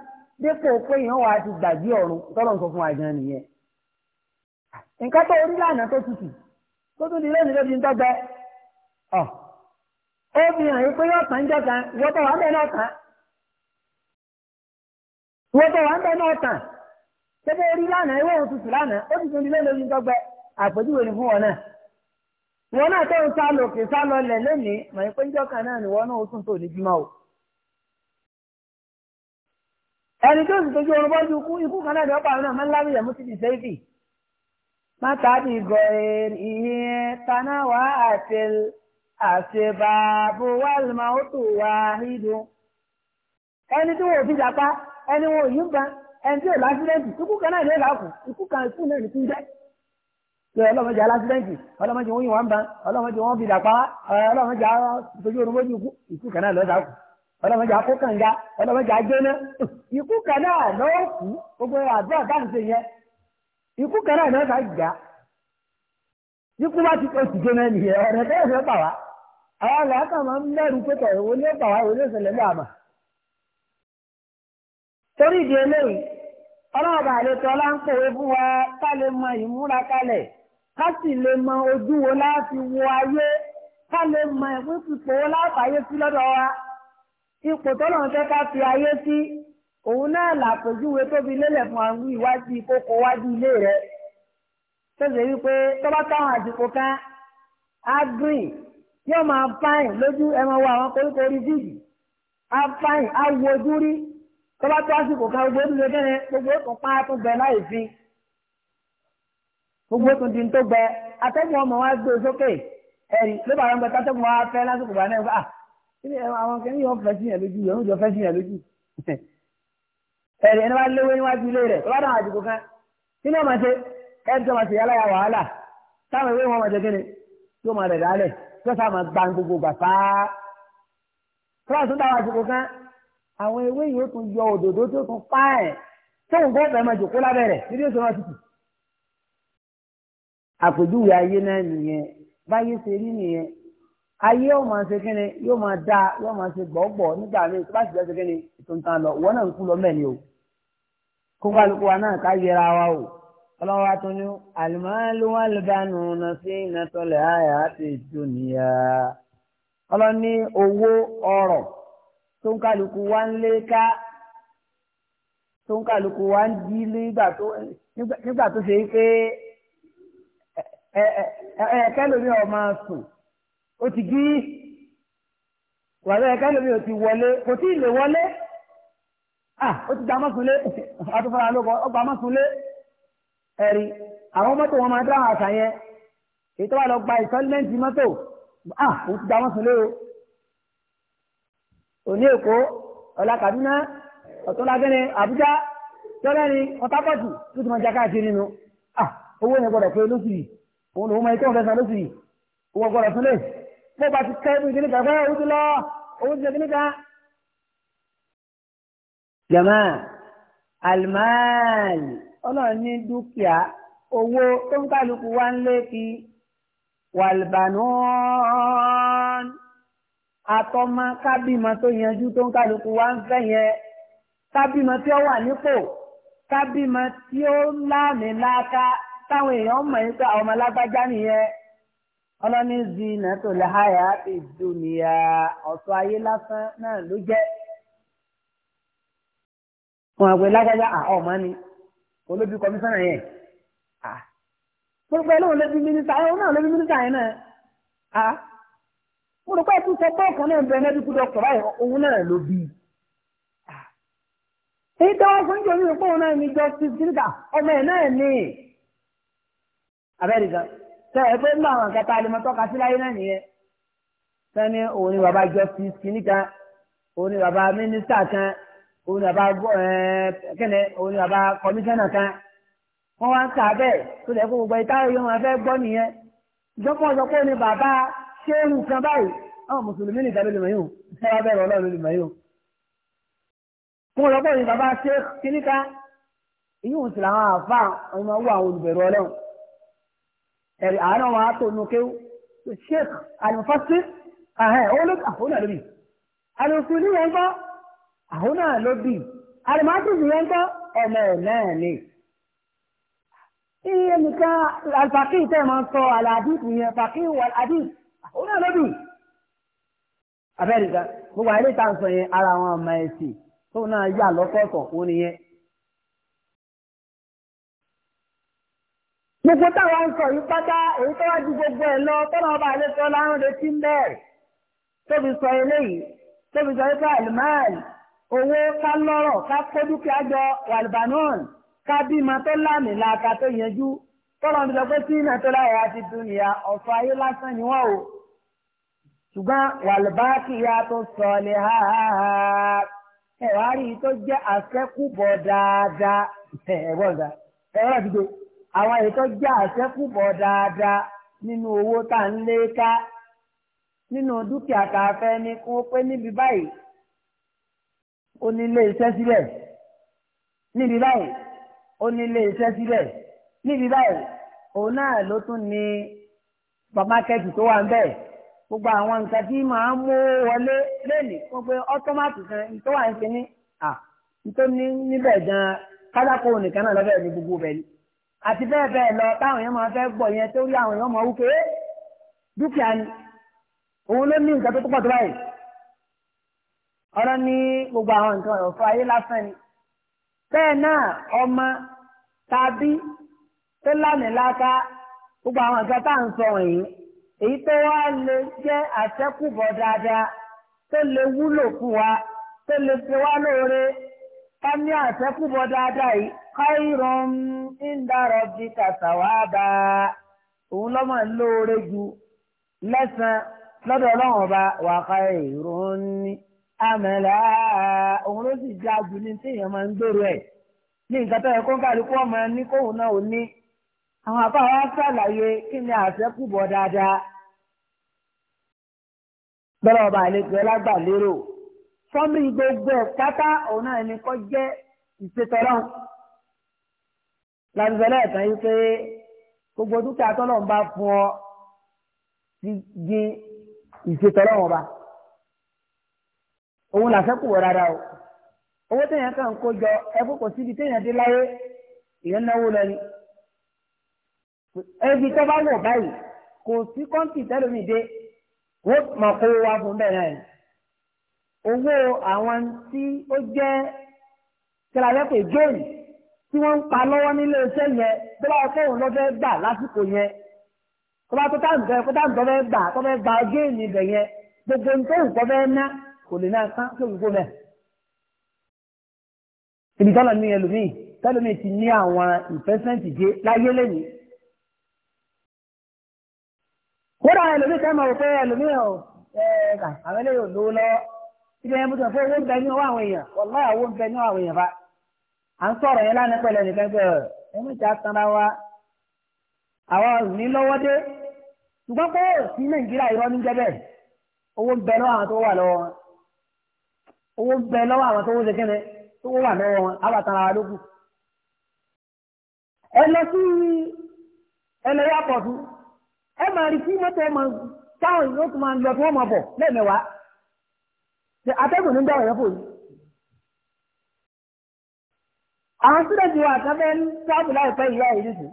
dépò pé èèyàn wà ti gbàgbé ọ̀run tọ́lọ̀ ń sọ fún wa gan nìyẹn. nǹkan tó orí lànà tó tutù tó tún di lónìí lóbi ń tọ́gbẹ́ ó fi hàn yín pé yóò tán jọ kan wọ́n tó wà ń náà tán wọ́n tó wà ń náà tán tẹ́tẹ́ orí òun tutù ó ti tún di lónìí tọ́gbẹ́ àpèjúwe ni fún wọn náà wọn náà tó ń sá lòkè ẹni tó sì tójú orun bọ́jú kú ikú kan náà ni ọ̀pá àwọn ọmọ ńláwí yẹn mú ti di sẹ́yìfì. má tàbí gọ̀ẹ́rì ìyẹn taná wá àṣẹ àṣebàbò wà lùmọ̀ ó tò wá hídùn. ẹni tí wọn ò fi jàpá ẹni wọn ò yí gbà ẹni tí ò lásìrẹ́ǹtì ikú kan náà ni ó là kù ikú kan ikú náà ni jẹ́. pé ọlọ́mọdé alásìrẹ́ǹtì ọlọ́mọdé wọn yìí wọn bá ọlọ́mọdé wọn fi jàpá ọlọ́mọdé ọlọ́mọdé akókànga ọlọ́mọdé agbóná ikú kan náà lọ́wọ́ kú gbogbo àdúrà dáhùn yẹn ikú kan náà lọ́wọ́ sáà gbà ikú bá ti oṣù jóná nìyẹn ọ̀rẹ́ tẹ́lẹ̀ fẹ́ bà wá àwọn àlọ́ máa ń mẹ́rù pẹ́tọ̀ ìwọ ní bà wá ìwọ ní ìṣẹ̀lẹ̀ ní àmà. torí ìdí eléyìí àlejò fún wa ká lè mọ ìmúra kalẹ̀ ká sì lè mọ ojú wo láti ipò tọ́lọ̀ ń fẹ́ ká fi ayé sí òun náà làpèjúwe tóbi lélẹ̀ fún àwọn ìwádìí ìkókó wájú ilé rẹ̀ tó ṣe wípé tọ́ba táwọn àsìkò kan á green yóò máa fáìn lójú ẹmọ wa àwọn koríko orí fíìdì á fáìn á wojú rí tọ́ba tó àsìkò kan gbogbo ètò kẹ́rin gbogbo ètò pa tó bẹ láì fi gbogbo ètò di tó bẹ atẹ́gùn ọmọ wa gbé e sókè ẹ̀rí ló bá wọn gbẹ e, tátẹ́gùn wa fẹ́ lásìkò bá náà kíni àwọn kẹ́ni yóò fẹ́ sí yẹn lójú yẹn yóò fẹ́ sí yẹn lójú ẹ̀rẹ̀ ẹni wá léwé níwájú ilé rẹ̀ wọ́n dáhùn àdìgbò kan kíni ọmọ ṣe ẹni tó máa ṣe yálà ya wàhálà táwọn ìwé wọn máa ṣe kíni yóò máa rẹ̀ dálẹ̀ yóò sáà máa gba gbogbo gbà fáá kíláà tó dáhùn àdìgbò kan àwọn ìwé yìí ó tún yọ òdòdó tó tún pa ẹ̀ tóun kó fẹ́ máa jòkó lábẹ́ rẹ̀ níbi èso náà tutù àpèjúwe ayé náà nìyẹn báyé ṣe rí nìyẹn ayé yóò máa ṣe kíni yóò máa dá yóò máa ṣe gbọ̀ọ́gbọ̀ nígbà míì tó bá sì lọ́sẹ̀ kíni ètò nǹkan lọ ìwọ náà ń kú lọ mẹ́ni o kó kálukú wa náà ká yẹra wa o ọlọ́wọ́ wa tún ní àlùmáàlú wà lùbánu ọ̀nà sí ìnàtọ́lẹ̀ àyà àti ìjọnìyà ọlọ́ni owó ọ̀rọ̀ tó ń kálukú wa ń lé ká tó ń kálukú wa ń dí nígbà tó ṣe é pé ẹ̀ẹ́kẹ́ lómi ọ̀ máa sùn ó ti gí wàlẹ́ ẹ̀ka lómi ò ti wọlé kò tí ì wọlé ah ó ti gba amásùnlé àtúfọ́ra ló kọ ọgbà amásùnlé ẹ̀rí àwọn mọ́tò wọn máa dá àṣà yẹn èyí tó wà lọ gba ìsọ́lẹ́ǹtì mọ́tò ah ó ti gba amásùnlé o òní èkó ọ̀la Kaduna ọ̀tọ́lágẹ́ni Àbújá tọ́lẹ́ni ọ̀tápọ̀tù tó ti máa jáká kiri nínú ah owó yẹn gbọ́dọ̀ pé lóṣù yìí òun lòun máa ń tọ́ bó bá ti kẹ́ ibi nígbà fẹ́ owó ti lọ owó ti lọ nígbà. jama alimaali ọlọ́run ní dúkìá owó tó ń kálukú wá ń lé kí wàlbànúọ́n àtọmọ kábìmọ tó yanjú tó ń kálukú wá ń fẹ́ yẹn kábìmọ tí ó wà nípò kábìmọ tí ó láàmì láàká táwọn èèyàn mọ̀ nípa ọmọ lágbájá nìyẹn ọlọ́ni zina tó lè háyà ti dùnìyà ọ̀tọ̀ ayé lásán náà ló jẹ́. wọn àgbẹ̀ lágbájá àhọ́ ọ̀ma ni olóbi kọmísánná yẹn. mo rò pé ẹlẹ́wọ̀n lóbi mínísítà ẹ̀wọ̀n náà lóbi mínísítà yẹn náà. mo rò pé ẹtú sọ bẹ́ẹ̀ kan náà bẹ̀rẹ̀ mẹ́díkù dọ́kítọ̀ báyìí òun náà ló bí. èyí tó wọ́n fún jòlú ìrìnkóhùn náà ní justice gíga ọmọ ẹ̀ náà ní tẹ ẹ pé ń bá àwọn nǹkan tá a lè mọ tọ́ka sí láyé náà nìyẹn sani òun ni bàbá justice kìíní kan òun ni bàbá mínísítà kan òun ni bàbá kẹ́ni òun ni bàbá kọmíṣánná kan wọ́n wá ń kà bẹ́ẹ̀ tó lẹ́ kó gbogbo ìta yóò máa fẹ́ gbọ́ nìyẹn ìjọpọ̀ sọ pé ni bàbá ṣéwù kan báyìí àwọn mùsùlùmí nìkan ló lè mọ̀ yìí o ṣé wàá bẹ̀rẹ̀ ọlọ́run ló lè mọ̀ yìí o fún ọlọ́pọ̀ ní bàbá ṣe kíníká ìyóhùn sí làwọn àáfàá ọmọ owó àwọn olùbẹ̀rù ẹ̀rì àárọ̀ wa tó nu kéwú sheikh alifasi ahẹ́ olóògbé àhónà lóbì alùpùpù ní yẹn gbọ́ àhónà lóbì alùmọ́tìsì yẹn gbọ́ ọmọ ẹ̀ náà ni. iye nìkan alfàkì tẹ̀ máa ń sọ aládìpù yẹn fàkì wà aládìpù àhónà lóbì. abẹ́rẹ́ ìgbà gbogbo àyè lè ta sọ yẹn ara àwọn ọmọ ẹ̀sìn tó náà yà lọ́kọ̀ọ̀kan òun nìyẹn. Gbogbo táwọn ń sọ yìí pátá èyí tó wá ju gbogbo ẹ̀ lọ tọ́nà ọba àlejò láwọn retí ń bẹ̀rẹ̀. Tóbi sọ eléyìí, tóbi sọ ipá àlùmáàlì, owó ká lọ́rọ̀ ká kó dúkìá jọ wàlùbánọ́ọ̀n ká bímọ tó láàmì làákà tó yanjú. Tọ́nà ti pé tí iná tó láyé àti dúnìyà ọ̀fọ̀ ayé lásán ni wọ́n o. Ṣùgbọ́n wàlùbákìyà tó sọ lè ha ha ha ẹ̀wárí tó jẹ́ àwọn ètò jẹ́ àṣẹ́kùbọ̀ dáadáa nínú owó tá à ń lé ká nínú dúkìá tá a fẹ́ ní kó pé níbi báyìí ó ní ilé iṣẹ́ síbẹ̀ níbi báyìí ó ní ilé iṣẹ́ síbẹ̀ níbi báyìí òun náà ló tún ní pàmákẹ́tì tó wà ń bẹ̀ gbogbo àwọn nǹkan tí màá mú wọlé lẹ́nìí fún pé ọ́tọ́mátì kan tó wà ń ṣe ní à tó ní níbẹ̀ gan-an kálákó nìkan náà lọ́bẹ̀ ní gbogbo bẹ̀ ni àti bẹ́ẹ̀ bẹ́ẹ̀ lọ táwọn èèyàn máa fẹ́ gbọ́ yẹn torí àwọn èèyàn máa wúke dúkìá ni òun ló ní nǹkan tó pọ̀ tó báyìí ọ̀rọ̀ ní gbogbo àwọn nǹkan ọ̀fọ̀ ayé lásán ni bẹ́ẹ̀ náà ọmọ tàbí tó lánìláta gbogbo àwọn nǹkan tá à ń sọ wọ̀nyí èyí tó wá lè jẹ́ àṣẹ́kùbọ̀ dáadáa tó lè wúlò fún wa tó lè fi wá lóore ká ní àtẹ́kùbọ̀ dáadáa yìí khairum inda rabbika sawaba òun lọ́mọ lóore ju lẹ́sàn-án lọ́dọ̀ ọlọ́run ọba wa khairun amala òun ló sì já ju ní téèyàn máa ń gbèrò ẹ̀ ní nǹkan tó yẹ kó ń kálukú ọmọ ní kóun náà ò ní àwọn àbá wa ṣàlàyé kí ni àtẹ́kùbọ̀ dáadáa bẹ́ẹ̀ ọba àlejò ẹ lágbà sọ́mi gbogbo ẹ̀ pátá òun náà ni kọ́ jẹ́ ìṣètọ́lọ́ làbíbẹ̀lẹ̀ ẹ̀tàn yìí pé gbogbo dúkìá tọ́lọ̀ ń bá fún ọ ti di ìṣètọ́lọ́ wọn ba òun làṣẹ́kù wọ rárá o owó téèyàn kàn kó jọ ẹkú kò síbi téèyàn dé láyé èèyàn náwó lọ ni ẹbí tó bá wọ̀ báyìí kò sí kọ́ńtì tẹ́lómi dé wọ́n mọ̀ kó wá fún bẹ́ẹ̀ náà owó àwọn tí ó jẹ́ kíláyẹ́pẹ̀ géèmù tí wọ́n ń pa lọ́wọ́ nílé iṣẹ́ yẹn tó bá fẹ́ òun lọ́fẹ́ gbà lásìkò yẹn tó bá tó táǹtọ́ ẹ̀ kó táǹtọ́ fẹ́ gbà tó fẹ́ gba géèmù ibẹ̀ yẹn gbogbo nǹkan òǹkọ́ fẹ́ ná kò lè náà sán tó gbogbo bẹ́ẹ̀. ibi tọ́lọ̀ ní ẹlòmíì tẹ́lómi ti ní àwọn ìfẹ́sẹ̀ǹtì dé láyé lẹ́yìn. kódà ẹlòmíì tẹ́ mọ̀ pé ẹlòmíì ọ̀ ibẹ̀ yẹn bùtọ̀ fẹ́ owó ń bẹ ní ọwọ́ àwọn èèyàn wàláhì owó ń ní àwọn èèyàn bá à ń sọ̀rọ̀ yẹn lánàá pẹ̀lẹ́ nìkan pé ẹnu ìjà sanra wa àwọn nílọ́wọ́dé ṣùgbọ́n pé sí nàìjíríà irọ́ ní owó ń bẹ lọ́wọ́ àwọn tó wà lọ́wọ́ ẹ lọ sí ẹlẹ́yà ẹ máa rí sí mọ́tò ọmọ táwọn atẹ́gùn ní dáwọ̀ yẹn fò yìí. àwọn sílẹ̀jì wa àtàfẹ́ ń sáàbù láìpẹ́ ìyá ìlú sí.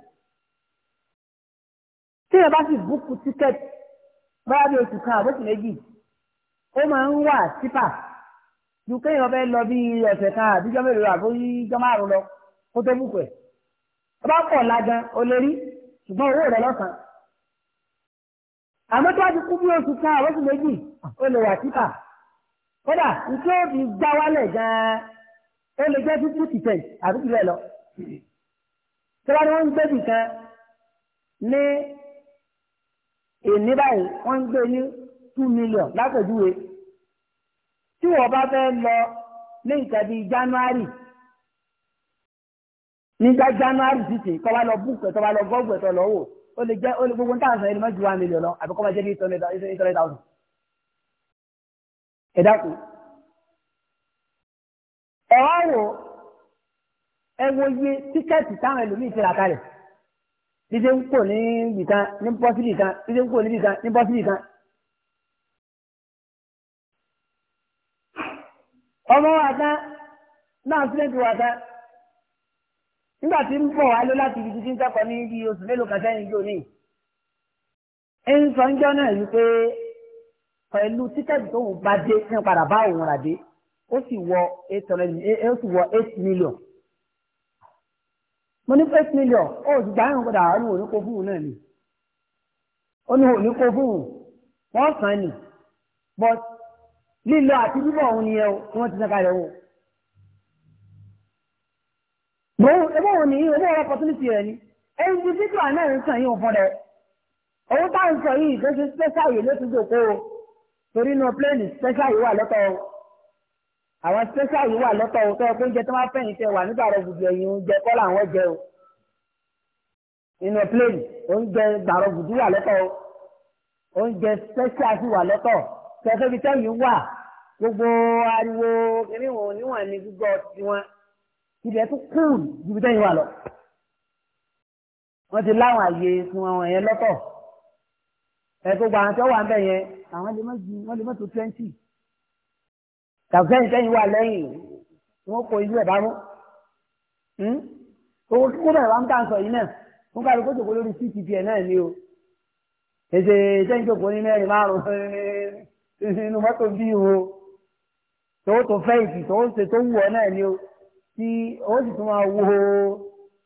tí yẹn bá sì búkú tíkẹ́ẹ̀tì báyà bí oṣù kan àbóṣù méjì ó máa ń wà sípà ju kéèyàn fẹ́ lọ bí ọ̀sẹ̀ kan àbíjọ́ mélòó àbóyí jọ́ márùn lọ kó tó búkú ẹ̀. ọba pọ̀ lagan o lè rí ṣùgbọ́n owó rẹ̀ lọ́sàn àmọ́ tí wọ́n ti kú bí oṣù kan àbóṣù méjì ó lè wà sípà kódà nké fi gbá wálẹ̀ gan-an ó lè jẹ́ fifty percent àbí jù bẹ́ẹ̀ lọ. tí wọ́n ní wọ́n ń gbé bì kan ní èní báyìí wọ́n ń gbé ní two million lápèjúwe tí wọ́n bá fẹ́ lọ ní nǹkan bíi January nígbà January títì kọ́ bá lọ búùkù tó bá lọ gọ́ọ̀gù ẹ̀tọ́ lọ́wọ́ ó lè jẹ́ ó lè gbogbo ní tàǹsán ẹni mọ́ ju one million lọ àbí kọ́ jẹ́ bí eight hundred thousand ẹ dákun ẹ wá wò ẹ wo iye tíkẹ́ẹ̀tì táwọn ẹlòmíì ti rà kalẹ̀ dídé ń kò ní ibìkan ní pọ́sìlì kan dídé ń kò ní ibìkan ní pọ́sìlì kan. ọmọ wa tán náà sílẹ̀tì wa tán nígbà tí ń bọ̀ wá ló láti ibi títí ń kẹ́kọ̀ọ́ ní ibi oṣù mélòó kan sẹ́yìn jò ní. ń sọ ń jọ́ náà yìí pé pẹ̀lú tíkẹ́ẹ̀tì tó bá dé kí wọ́n padà bá òun rà dé ó sì wọ eight hundred eh, ó sì wọ eight million mo ní eight million ó sì gbà yín padà ó ní òní kó fún un náà ni ó ní òní kó fún un wọ́n kàn ní but lílọ àti bíbọ̀ òun ni ẹ o tí wọ́n ti sẹ́ka rẹ̀ o. Bó ebó òun nìyí ebó ọ̀rọ̀ opportunity rẹ̀ ni individual náà ń sàn yín fún rẹ̀. Owó táwọn sọ yìí tó ṣe special yìí ló ti dòkó o torí inú pléènì special yìí wà lọ́tọ̀ o àwọn special yìí wà lọ́tọ̀ o tọ́wọ́ pé oúnjẹ tó máa fẹ̀yìn tẹ wà nígbà rẹ gbùdù ẹ̀yìn oúnjẹ kọ́ làwọn jẹ o inú pléènì oúnjẹ gbàrọ̀ gbùdù wà lọ́tọ̀ o oúnjẹ special sì wà lọ́tọ̀ tọ́wọ́ pé tẹ́yìn wà gbogbo ariwo kìnìún níwọ̀n ní gbígbọ́ tiwọn ibẹ̀ tó kúùn jù tẹ́yìn wà lọ wọ́n ti láwọn àyè tiwọn wọ̀nyẹn lọ́tọ̀ ẹ̀kọ́ gbà àwọn tó wà ń yẹn àwọn lè má ju wọ́n lè má tó twenty tàbí sẹ́yìn sẹ́yìn wà lẹ́yìn wọ́n kọ inú ẹ̀ bá hmm? owó kíkó náà wàá ń tà yìí náà wọ́n ká ló kó jòkó lórí cctv ẹ̀ náà ni o èsè sẹ́yìn jòkó ní mẹ́rin márùn-ún eh, eh, mọ́tò bí o tòun tó fẹ́ ìtì tòun ṣe tó wù ọ náà ni o tí o sì tún máa wo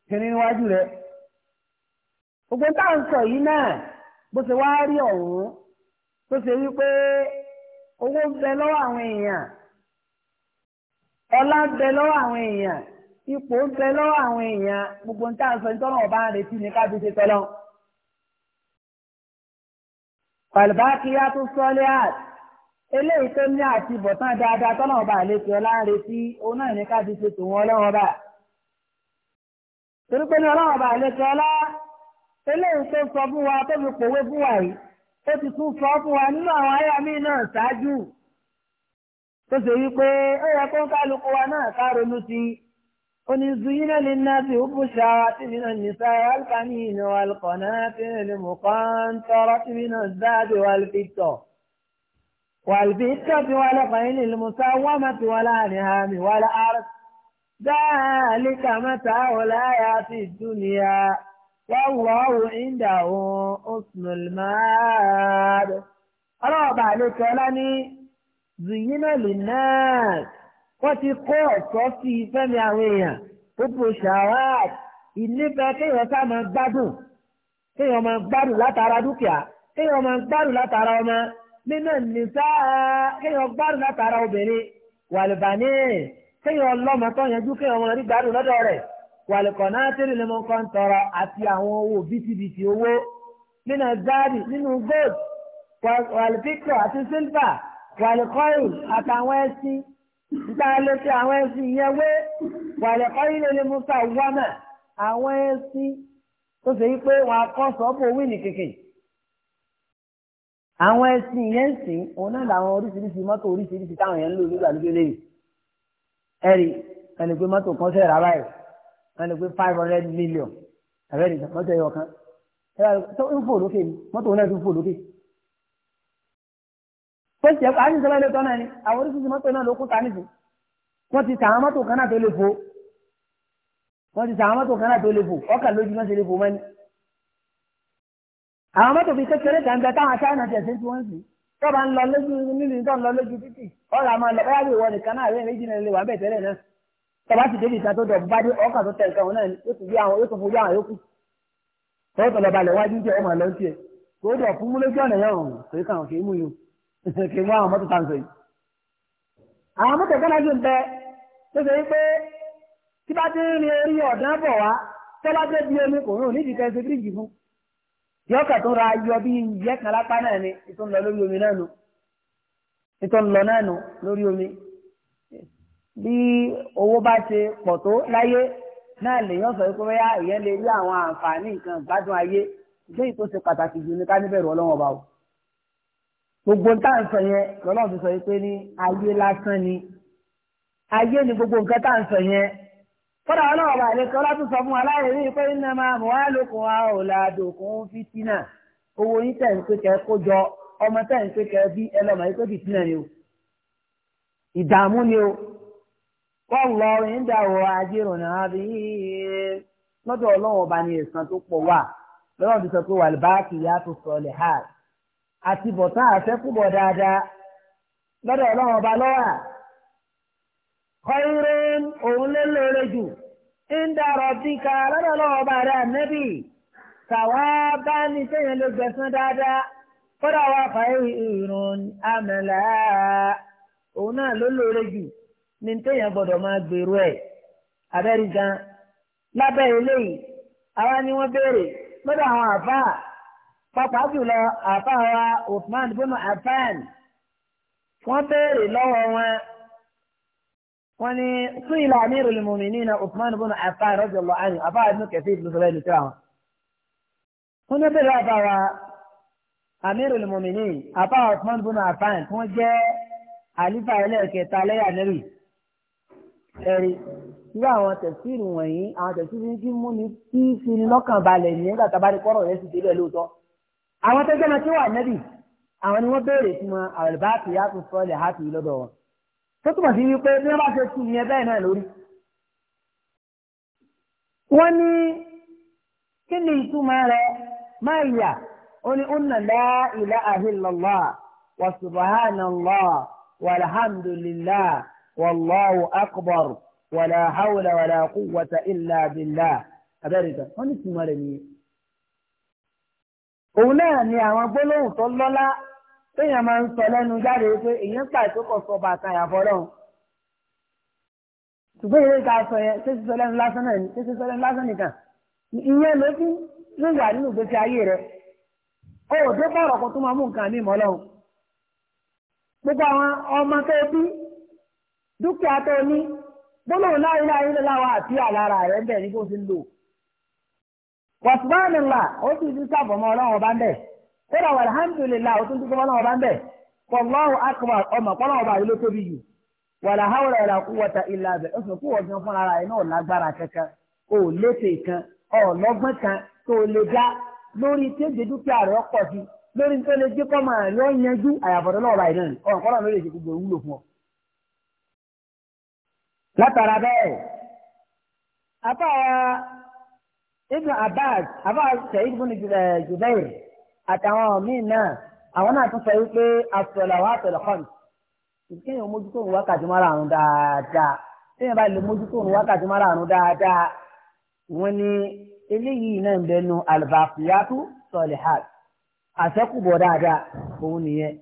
kiri níwájú rẹ gbogbo sọ yìí náà bó ṣe wá rí ọ̀hún tó ṣe wípé owó ń bẹ lọ́wọ́ àwọn èèyàn ọlá ń bẹ lọ́wọ́ àwọn èèyàn ipò ń bẹ lọ́wọ́ àwọn èèyàn gbogbo ń tà ń sọ ní tọ́lọ́ ọba ń retí ní ká fi ṣe tọ́lọ́. pàlùbákíyá tó sọ́lé àt eléyìí tó ní àti bọ̀tán dáadáa tọ́lọ́ ọba àlejò ọlá ń retí òun náà ní ká ṣe tòun ọlọ́wọ́ bá. torí pé ní ọlọ́wọ́ ọba àlejò ọlá eléyìí tó sọ fún wa tó fi pòwe fún wa yìí ó ti tún sọ fún wa nínú àwọn àyà míì náà ṣáájú tó ṣe wípé ó yẹ kó kálukú wa náà ká ronú sí i onizuyina linnasi hubu shawati min annisai alkanini walqanati lmuqantarati min azzabi walfitto والفتة والخيل المسومة والأنعام والأرض ذلك متاع الحياة الدنيا wọ́wọ́ ìndà òun osùnmùlmáàdù. ọlọ́ọ̀bà àlejò ọlá ní zuyinali náà wọ́n ti kó ọ̀sọ́ sí fẹ́mi àwọn èèyàn púpù ṣàwáàt ìnífẹ̀ẹ́ kéèyàn sá máa gbádùn kéèyàn máa gbádùn látara dúkìá kéèyàn máa gbádùn látara ọmọ nínú nìta kéèyàn gbádùn látara obìnrin wàlùbáni kéèyàn lọ́mọ tó yanjú kéèyàn máa rí gbádùn lọ́dọ̀ rẹ̀ wàlìkọ̀nà àtẹ̀rẹ̀ lè mọ nǹkan tọrọ àti àwọn owó bìtìbìtì owó nínú gáàdì nínú gold wàlìpíkọ̀ àti sílvà wàlìkọ́ìl àtàwọn ẹṣin níta lè fi àwọn ẹṣin yẹn wé wàlìkọ́ìl lè mú ká wámà àwọn ẹṣin tó ṣe yí pé wọn akọ́ sọ́bù owó ìnìkìkì àwọn ẹṣin yẹn sìn òun náà làwọn oríṣiríṣi mọ́tò oríṣiríṣi táwọn yẹn ń lò nígbà lójú lẹ́yìn ẹ̀rí ẹni pé mọ́tò kan ṣẹ̀ rárá yìí wọ́n lè gbé five hundred million ẹ̀rẹ́ nìkan mọ́tò ẹ̀yọ̀ kan tó ń fò lókè ni mọ́tò náà tó ń fò lókè. pèsè ẹ̀kọ́ àti ìṣẹ́lẹ̀ lẹ́tọ́ náà ni àwọn oríṣiríṣi mọ́tò náà ló kó ta nísìn wọ́n ti tà àwọn mọ́tò kan náà tó lè fò wọ́n ti tà àwọn mọ́tò kan náà tó lè fò ọkà lójú náà ṣe lè fò mọ́ni. àwọn mọ́tò bíi kékeré kan bẹ táwọn aṣááná ti ẹ̀sìn tí wọ́n sì tọ́ba ń lọ lójú nílùú tó ń lọ lójú títì ọ̀rọ̀ àmọ́ lọ́ tọba ti débi ìtàn tó dọ̀ bá dé ọkà tó tẹ̀ nǹkan náà yóò tún bí àwọn yóò tún fojú àwọn yòókù tọ́wọ́ tọ̀lọ̀ balẹ̀ wájú jẹ́ ọmọ àlọ́ tiẹ̀ kò dọ̀ fún mú lójú ọ̀nà yẹn ọ̀hún kò kàn kì í mú yìí kì í mú àwọn mọ́tò tàǹsọ̀ yìí. àwọn mọ́tò kan lájú ń bẹ tó ṣe wípé tí bá ti ń rin orí ọ̀dán bọ̀ wá tọ́lá dé bí omi kò rún nídìí kẹsì bíríìjì fún yọkà tó ra yọ bí ìyẹ́ kan lápá náà ni ìtò ń bí owó bá ṣe pọ̀ tó láyé náà lèèyàn sọ pé bóyá ìyẹn lè rí àwọn àǹfààní nǹkan gbádùn ayé léyìí tó ṣe pàtàkì jù ní ká ọlọ́wọ́n ọba o gbogbo tá à ń sọ yẹn lọ́lọ́run ti sọ yìí pé ní ayé lásán ni ayé ni gbogbo nǹkan tá à ń sọ yẹn kódà ọlọ́wọ́ ọba àlekọ́ látún sọ fún wa láyé rí pé iná máa mọ̀ wá lókun a ò là dòkun fìtínà owó yín tẹ̀ ń pé kẹ́ kó jọ ọmọ tẹ̀ ń pé kẹ́ bí ẹlọ́mọ yín pé fìtínà ni o ìdààmú ni o wọ́lọ́ ìdáwọ̀ ajírùnà rí lọ́dọ̀ ọlọ́run ọba ní tó pọ̀ wà lọ́dọ̀ ti sọ pé wà lùbáàkì yá tó sọ lè ha àti bọ̀tán àfẹ́kùbọ̀ dáadáa lọ́dọ̀ ọlọ́run ọba òun bíkà ọba tàwa bá ní ló dáadáa ní téèyàn gbọ́dọ̀ máa gbèrú ẹ̀ abẹ́rí gan lábẹ́ eléyìí àwa ni wọ́n béèrè lọ́dọ̀ àwọn àfáà pàápàá jùlọ àfáà wa Uthman bin Affan wọ́n béèrè lọ́wọ́ wọn wọ́n ní sún ilà amirul mu'minina Uthman bin Affan radiyallahu anhu àfáà inú kẹfì ìlú sọlá ìlú tíra wọn. wọ́n ní béèrè àfáà wa amirul mu'minin àfáà Uthman bin Affan wọ́n jẹ́ àlífà ẹlẹ́ẹ̀kẹta lẹ́yà nẹ́rì ẹ̀rí irú àwọn tẹ̀síìrì wọ̀nyí àwọn tẹ̀síìrì ń mú ni kí fini lọ́kàn balẹ̀ ní nígbà tá a bá rí kọ́rọ̀ rẹ̀ sì débẹ̀ lóòótọ́. àwọn tẹ́gbẹ́ náà tí wà nẹ́bì àwọn ni wọ́n béèrè fún wọn àrẹ̀bá àti ìyá tó sọ ilẹ̀ àti ìlọ́dọ̀ wọn. tó túmọ̀ sí wípé bí wọ́n bá ṣe tu ìyẹn bẹ́ẹ̀ náà lórí. wọ́n ní kí ni ìtumọ̀ rẹ̀ máa yà ó ní ọ̀nà la ilaha illallah wa subhanallah walhamdulillah والله أكبر ولا حول ولا قوة إلا بالله abẹ́rẹ́ta wọ́n ní tìmọ̀ rẹ̀ nìyẹn. òun náà صلى الله gbólóhùn tó lọ́lá téèyàn máa ń sọ lẹ́nu jáde pé èèyàn pàṣẹ kò sọ bàtà àyàfọ́ lọ́hùn. ṣùgbọ́n ìwé ìta sọ yẹn ṣé sísọ lẹ́nu lásán náà ni ṣé lẹ́nu lásán nìkan ìyẹn ló tún ló wà nínú ayé rẹ ó dé bọ̀rọ̀ kó tó máa mú nǹkan mi mọ́ lọ́hùn. gbogbo àwọn ọmọ tó bí dúkìá tó ní gbólóhùn láyé láyé láwa àti àlára rẹ̀ ń bẹ̀ ní bó ti ń lò. wàsùmánìlá ó sì ti sàbọ̀mọ́ ọlọ́run ọba ń bẹ̀ kódà wàlhámdùlélá ó tún ọba ń bẹ̀ kọ̀ọ̀lọ́run ọmọ kọ́lọ́run ọba yìí ló tóbi jù wàlà hàwùrẹ̀ lórí kọ́ máa yanjú náà látara bẹ́ẹ̀ afáwa ibn abbas afáwa sẹ́yìn fún jubair àtàwọn míì náà àwọn náà tún sọ wípé asọ̀làwà àtọ̀lọ́kọ̀n kéèyàn mójútó òun wákàtí mara àrùn dáadáa kéèyàn bá lè mójútó òun wákàtí mara àrùn dáadáa wọn ni eléyìí náà ń bẹnu albaqiyatu salihat àṣẹkùbọ̀ dáadáa òun nìyẹn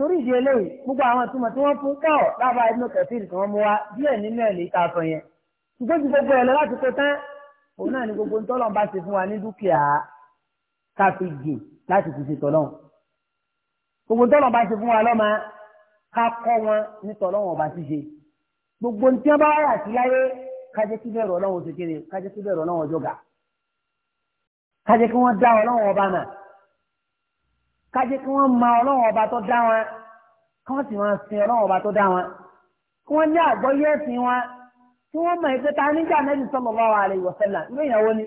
torí ìdí eléyìí gbogbo àwọn ìtumọ̀ tí wọ́n fún pọ̀ lába inú kẹfìn tí wọ́n mú wa díẹ̀ nínú ẹ̀ lè ta sọ yẹn ṣùgbọ́n ju gbogbo ẹ̀ lọ láti kó tán òun náà ni gbogbo ntọ́lọ́n bá ṣe fún wa ní dúkìá ká fi jì láti fi ṣe tọ́lọ́n gbogbo ntọ́lọ́n bá ṣe fún wa lọ́mọ ká kọ́ wọn ní tọ́lọ́n ọba ṣíṣe gbogbo ntí wọn bá wà sí láyé kájẹ́ kí bẹ̀rù ọlọ́run ṣe kéré kájẹ́ kájé kí wọ́n ma ọlọ́run ọba tó dá wọn kí wọ́n sì máa sin ọlọ́run ọba tó dá wọn kí wọ́n ní àgbọ́yé ẹ̀sìn wọn tí wọ́n mọ̀ ẹgbẹ́ ta níjà nẹ́bí sallallahu alaihi wasallam irú ìyàwó ni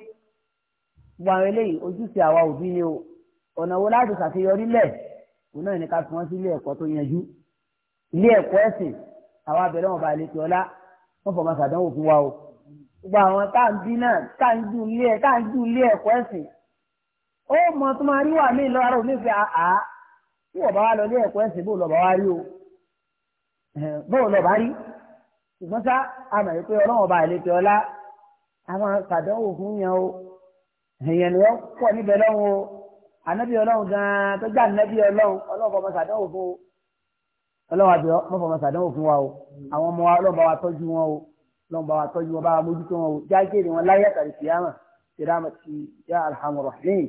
gbogbo àwọn eléyìí ojúṣe àwa òbí ni o ọ̀nà wo láti ṣàṣeyọrí lẹ̀ òun náà ní ká fi wọ́n sí ilé ẹ̀kọ́ tó yanjú ilé ẹ̀kọ́ ẹ̀sìn àwa abẹ̀rẹ̀ wọn bá lè ọlá wọ́n fọmọ sàdánwò fún wa o gbogbo àwọn tá ń bí náà tá ń ju ilé ẹ̀kọ́ ẹ̀sìn ó mọ tó máa rí wà mí lọ́wọ́ rò nífẹ̀ẹ́ àá tí wọ́n bá wá lọ ilé ẹ̀kọ́ ẹ̀sìn bó lọ́ọ́ bá wá rí o bó lọ́ọ́ bá rí ṣùgbọ́n sá àmọ̀ yìí pé ọlọ́run ọba àlejò ọlá àwọn kàdánwò fún yẹn o èèyàn ni wọ́n pọ̀ níbẹ̀ lọ́hùn o ànábì ọlọ́run gan-an tó gbà ànábì ọlọ́run ọlọ́run fọmọ sàdánwò fún o ọlọ́run àbí wọ́n fọmọ sàdánwò fún wa o àwọn ọmọ wa ọlọ́run bá wa tọ́jú wọn o ọlọ́run bá wa tọ́jú wọn bá wa mójútó wọn o jáde wọn láyé àtàrí kìyàmà kìyàmà ti yá alhamdulilayi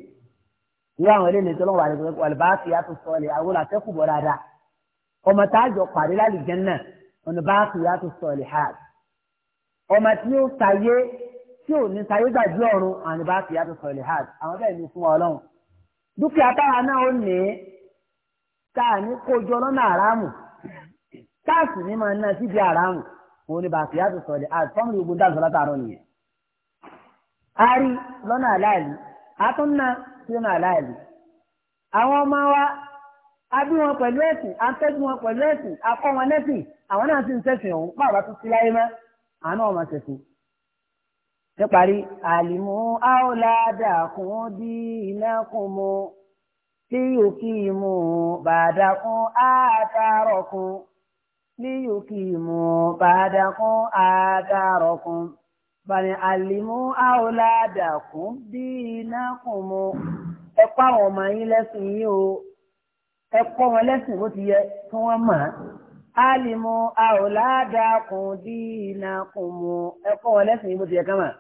irú àwọn eléyìí tó lọ́wọ́ àlejò àlùbáàsì yàtọ̀ sọ̀lẹ̀ àwọn àtẹ́kù bọ̀ dáadáa ọmọ tá a jọ pàdé lálùjẹ́nà àlùbáàsì yàtọ̀ sọ̀lẹ̀ ha ọmọ tí ó tayé tí ò ní tayé gbàgbé ọ̀run àlùbáàsì yàtọ̀ sọ̀lẹ̀ ha àwọn bẹ́ẹ̀ ni fún ọlọ́run dúkìá táwa náà ó ní tá a ní kójọ lọ́nà àràmù táàsì ní máa ná síbi àràmù òun ni bàtì yàtọ̀ sọ̀lẹ̀ ha fọ́nrì ogun dáàbò sínú aláìlú. àwọn ọmọ wa a bí wọn pẹ̀lú ẹ̀sìn a ń tẹ́jú wọn pẹ̀lú ẹ̀sìn a kọ́ wọn lẹ́sìn àwọn náà sì ń ṣẹ̀sìn ọ̀hún pààrọ̀ tó ti láyé mọ́ àwọn náà máa ṣẹ̀sìn. níparí àlìmú àwòládà kún dí iná kún mu tí yòókì mú bàdà kún àtàrọ̀ kún tí yòókì mú bàdà kún àtàrọ̀ kún bani alimu aoladakum dinakum ẹ kọ́ àwọn ọmọ yín lẹ́sìn yín o ẹ kọ́ wọn lẹ́sìn bó ti yẹ kí wọ́n mọ̀ alimu aoladakum dinakum ẹ kọ́ wọn lẹ́sìn yín bó ti yẹ ká mọ̀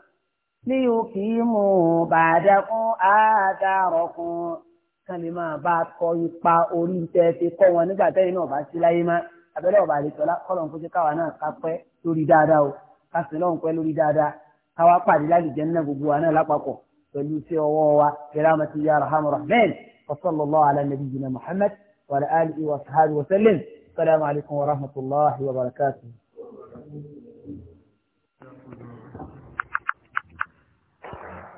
ní òkè mú bàdákún àdárọkún kan lè máa bá kọ ipa orí tẹ fi kọ́ wọn nígbà tẹ́yìn náà bá sí láyé má abẹ́rẹ́ ọ̀bà àlejò kọ́lọ̀ ń fojú káwa náà kápẹ́ lórí dáadáa o ká sin lọ́hùn pẹ́ lórí dáadáa káwá pàdé lálùjẹ́ náà gbogbo wa náà lápapọ̀ pẹ̀lú iṣẹ́ ọwọ́ wa kẹlámàtì ya rahman rahman wa sallallahu ala nabiyyina muhammad wa alaykum wa rahmatulahi wa barakatuh.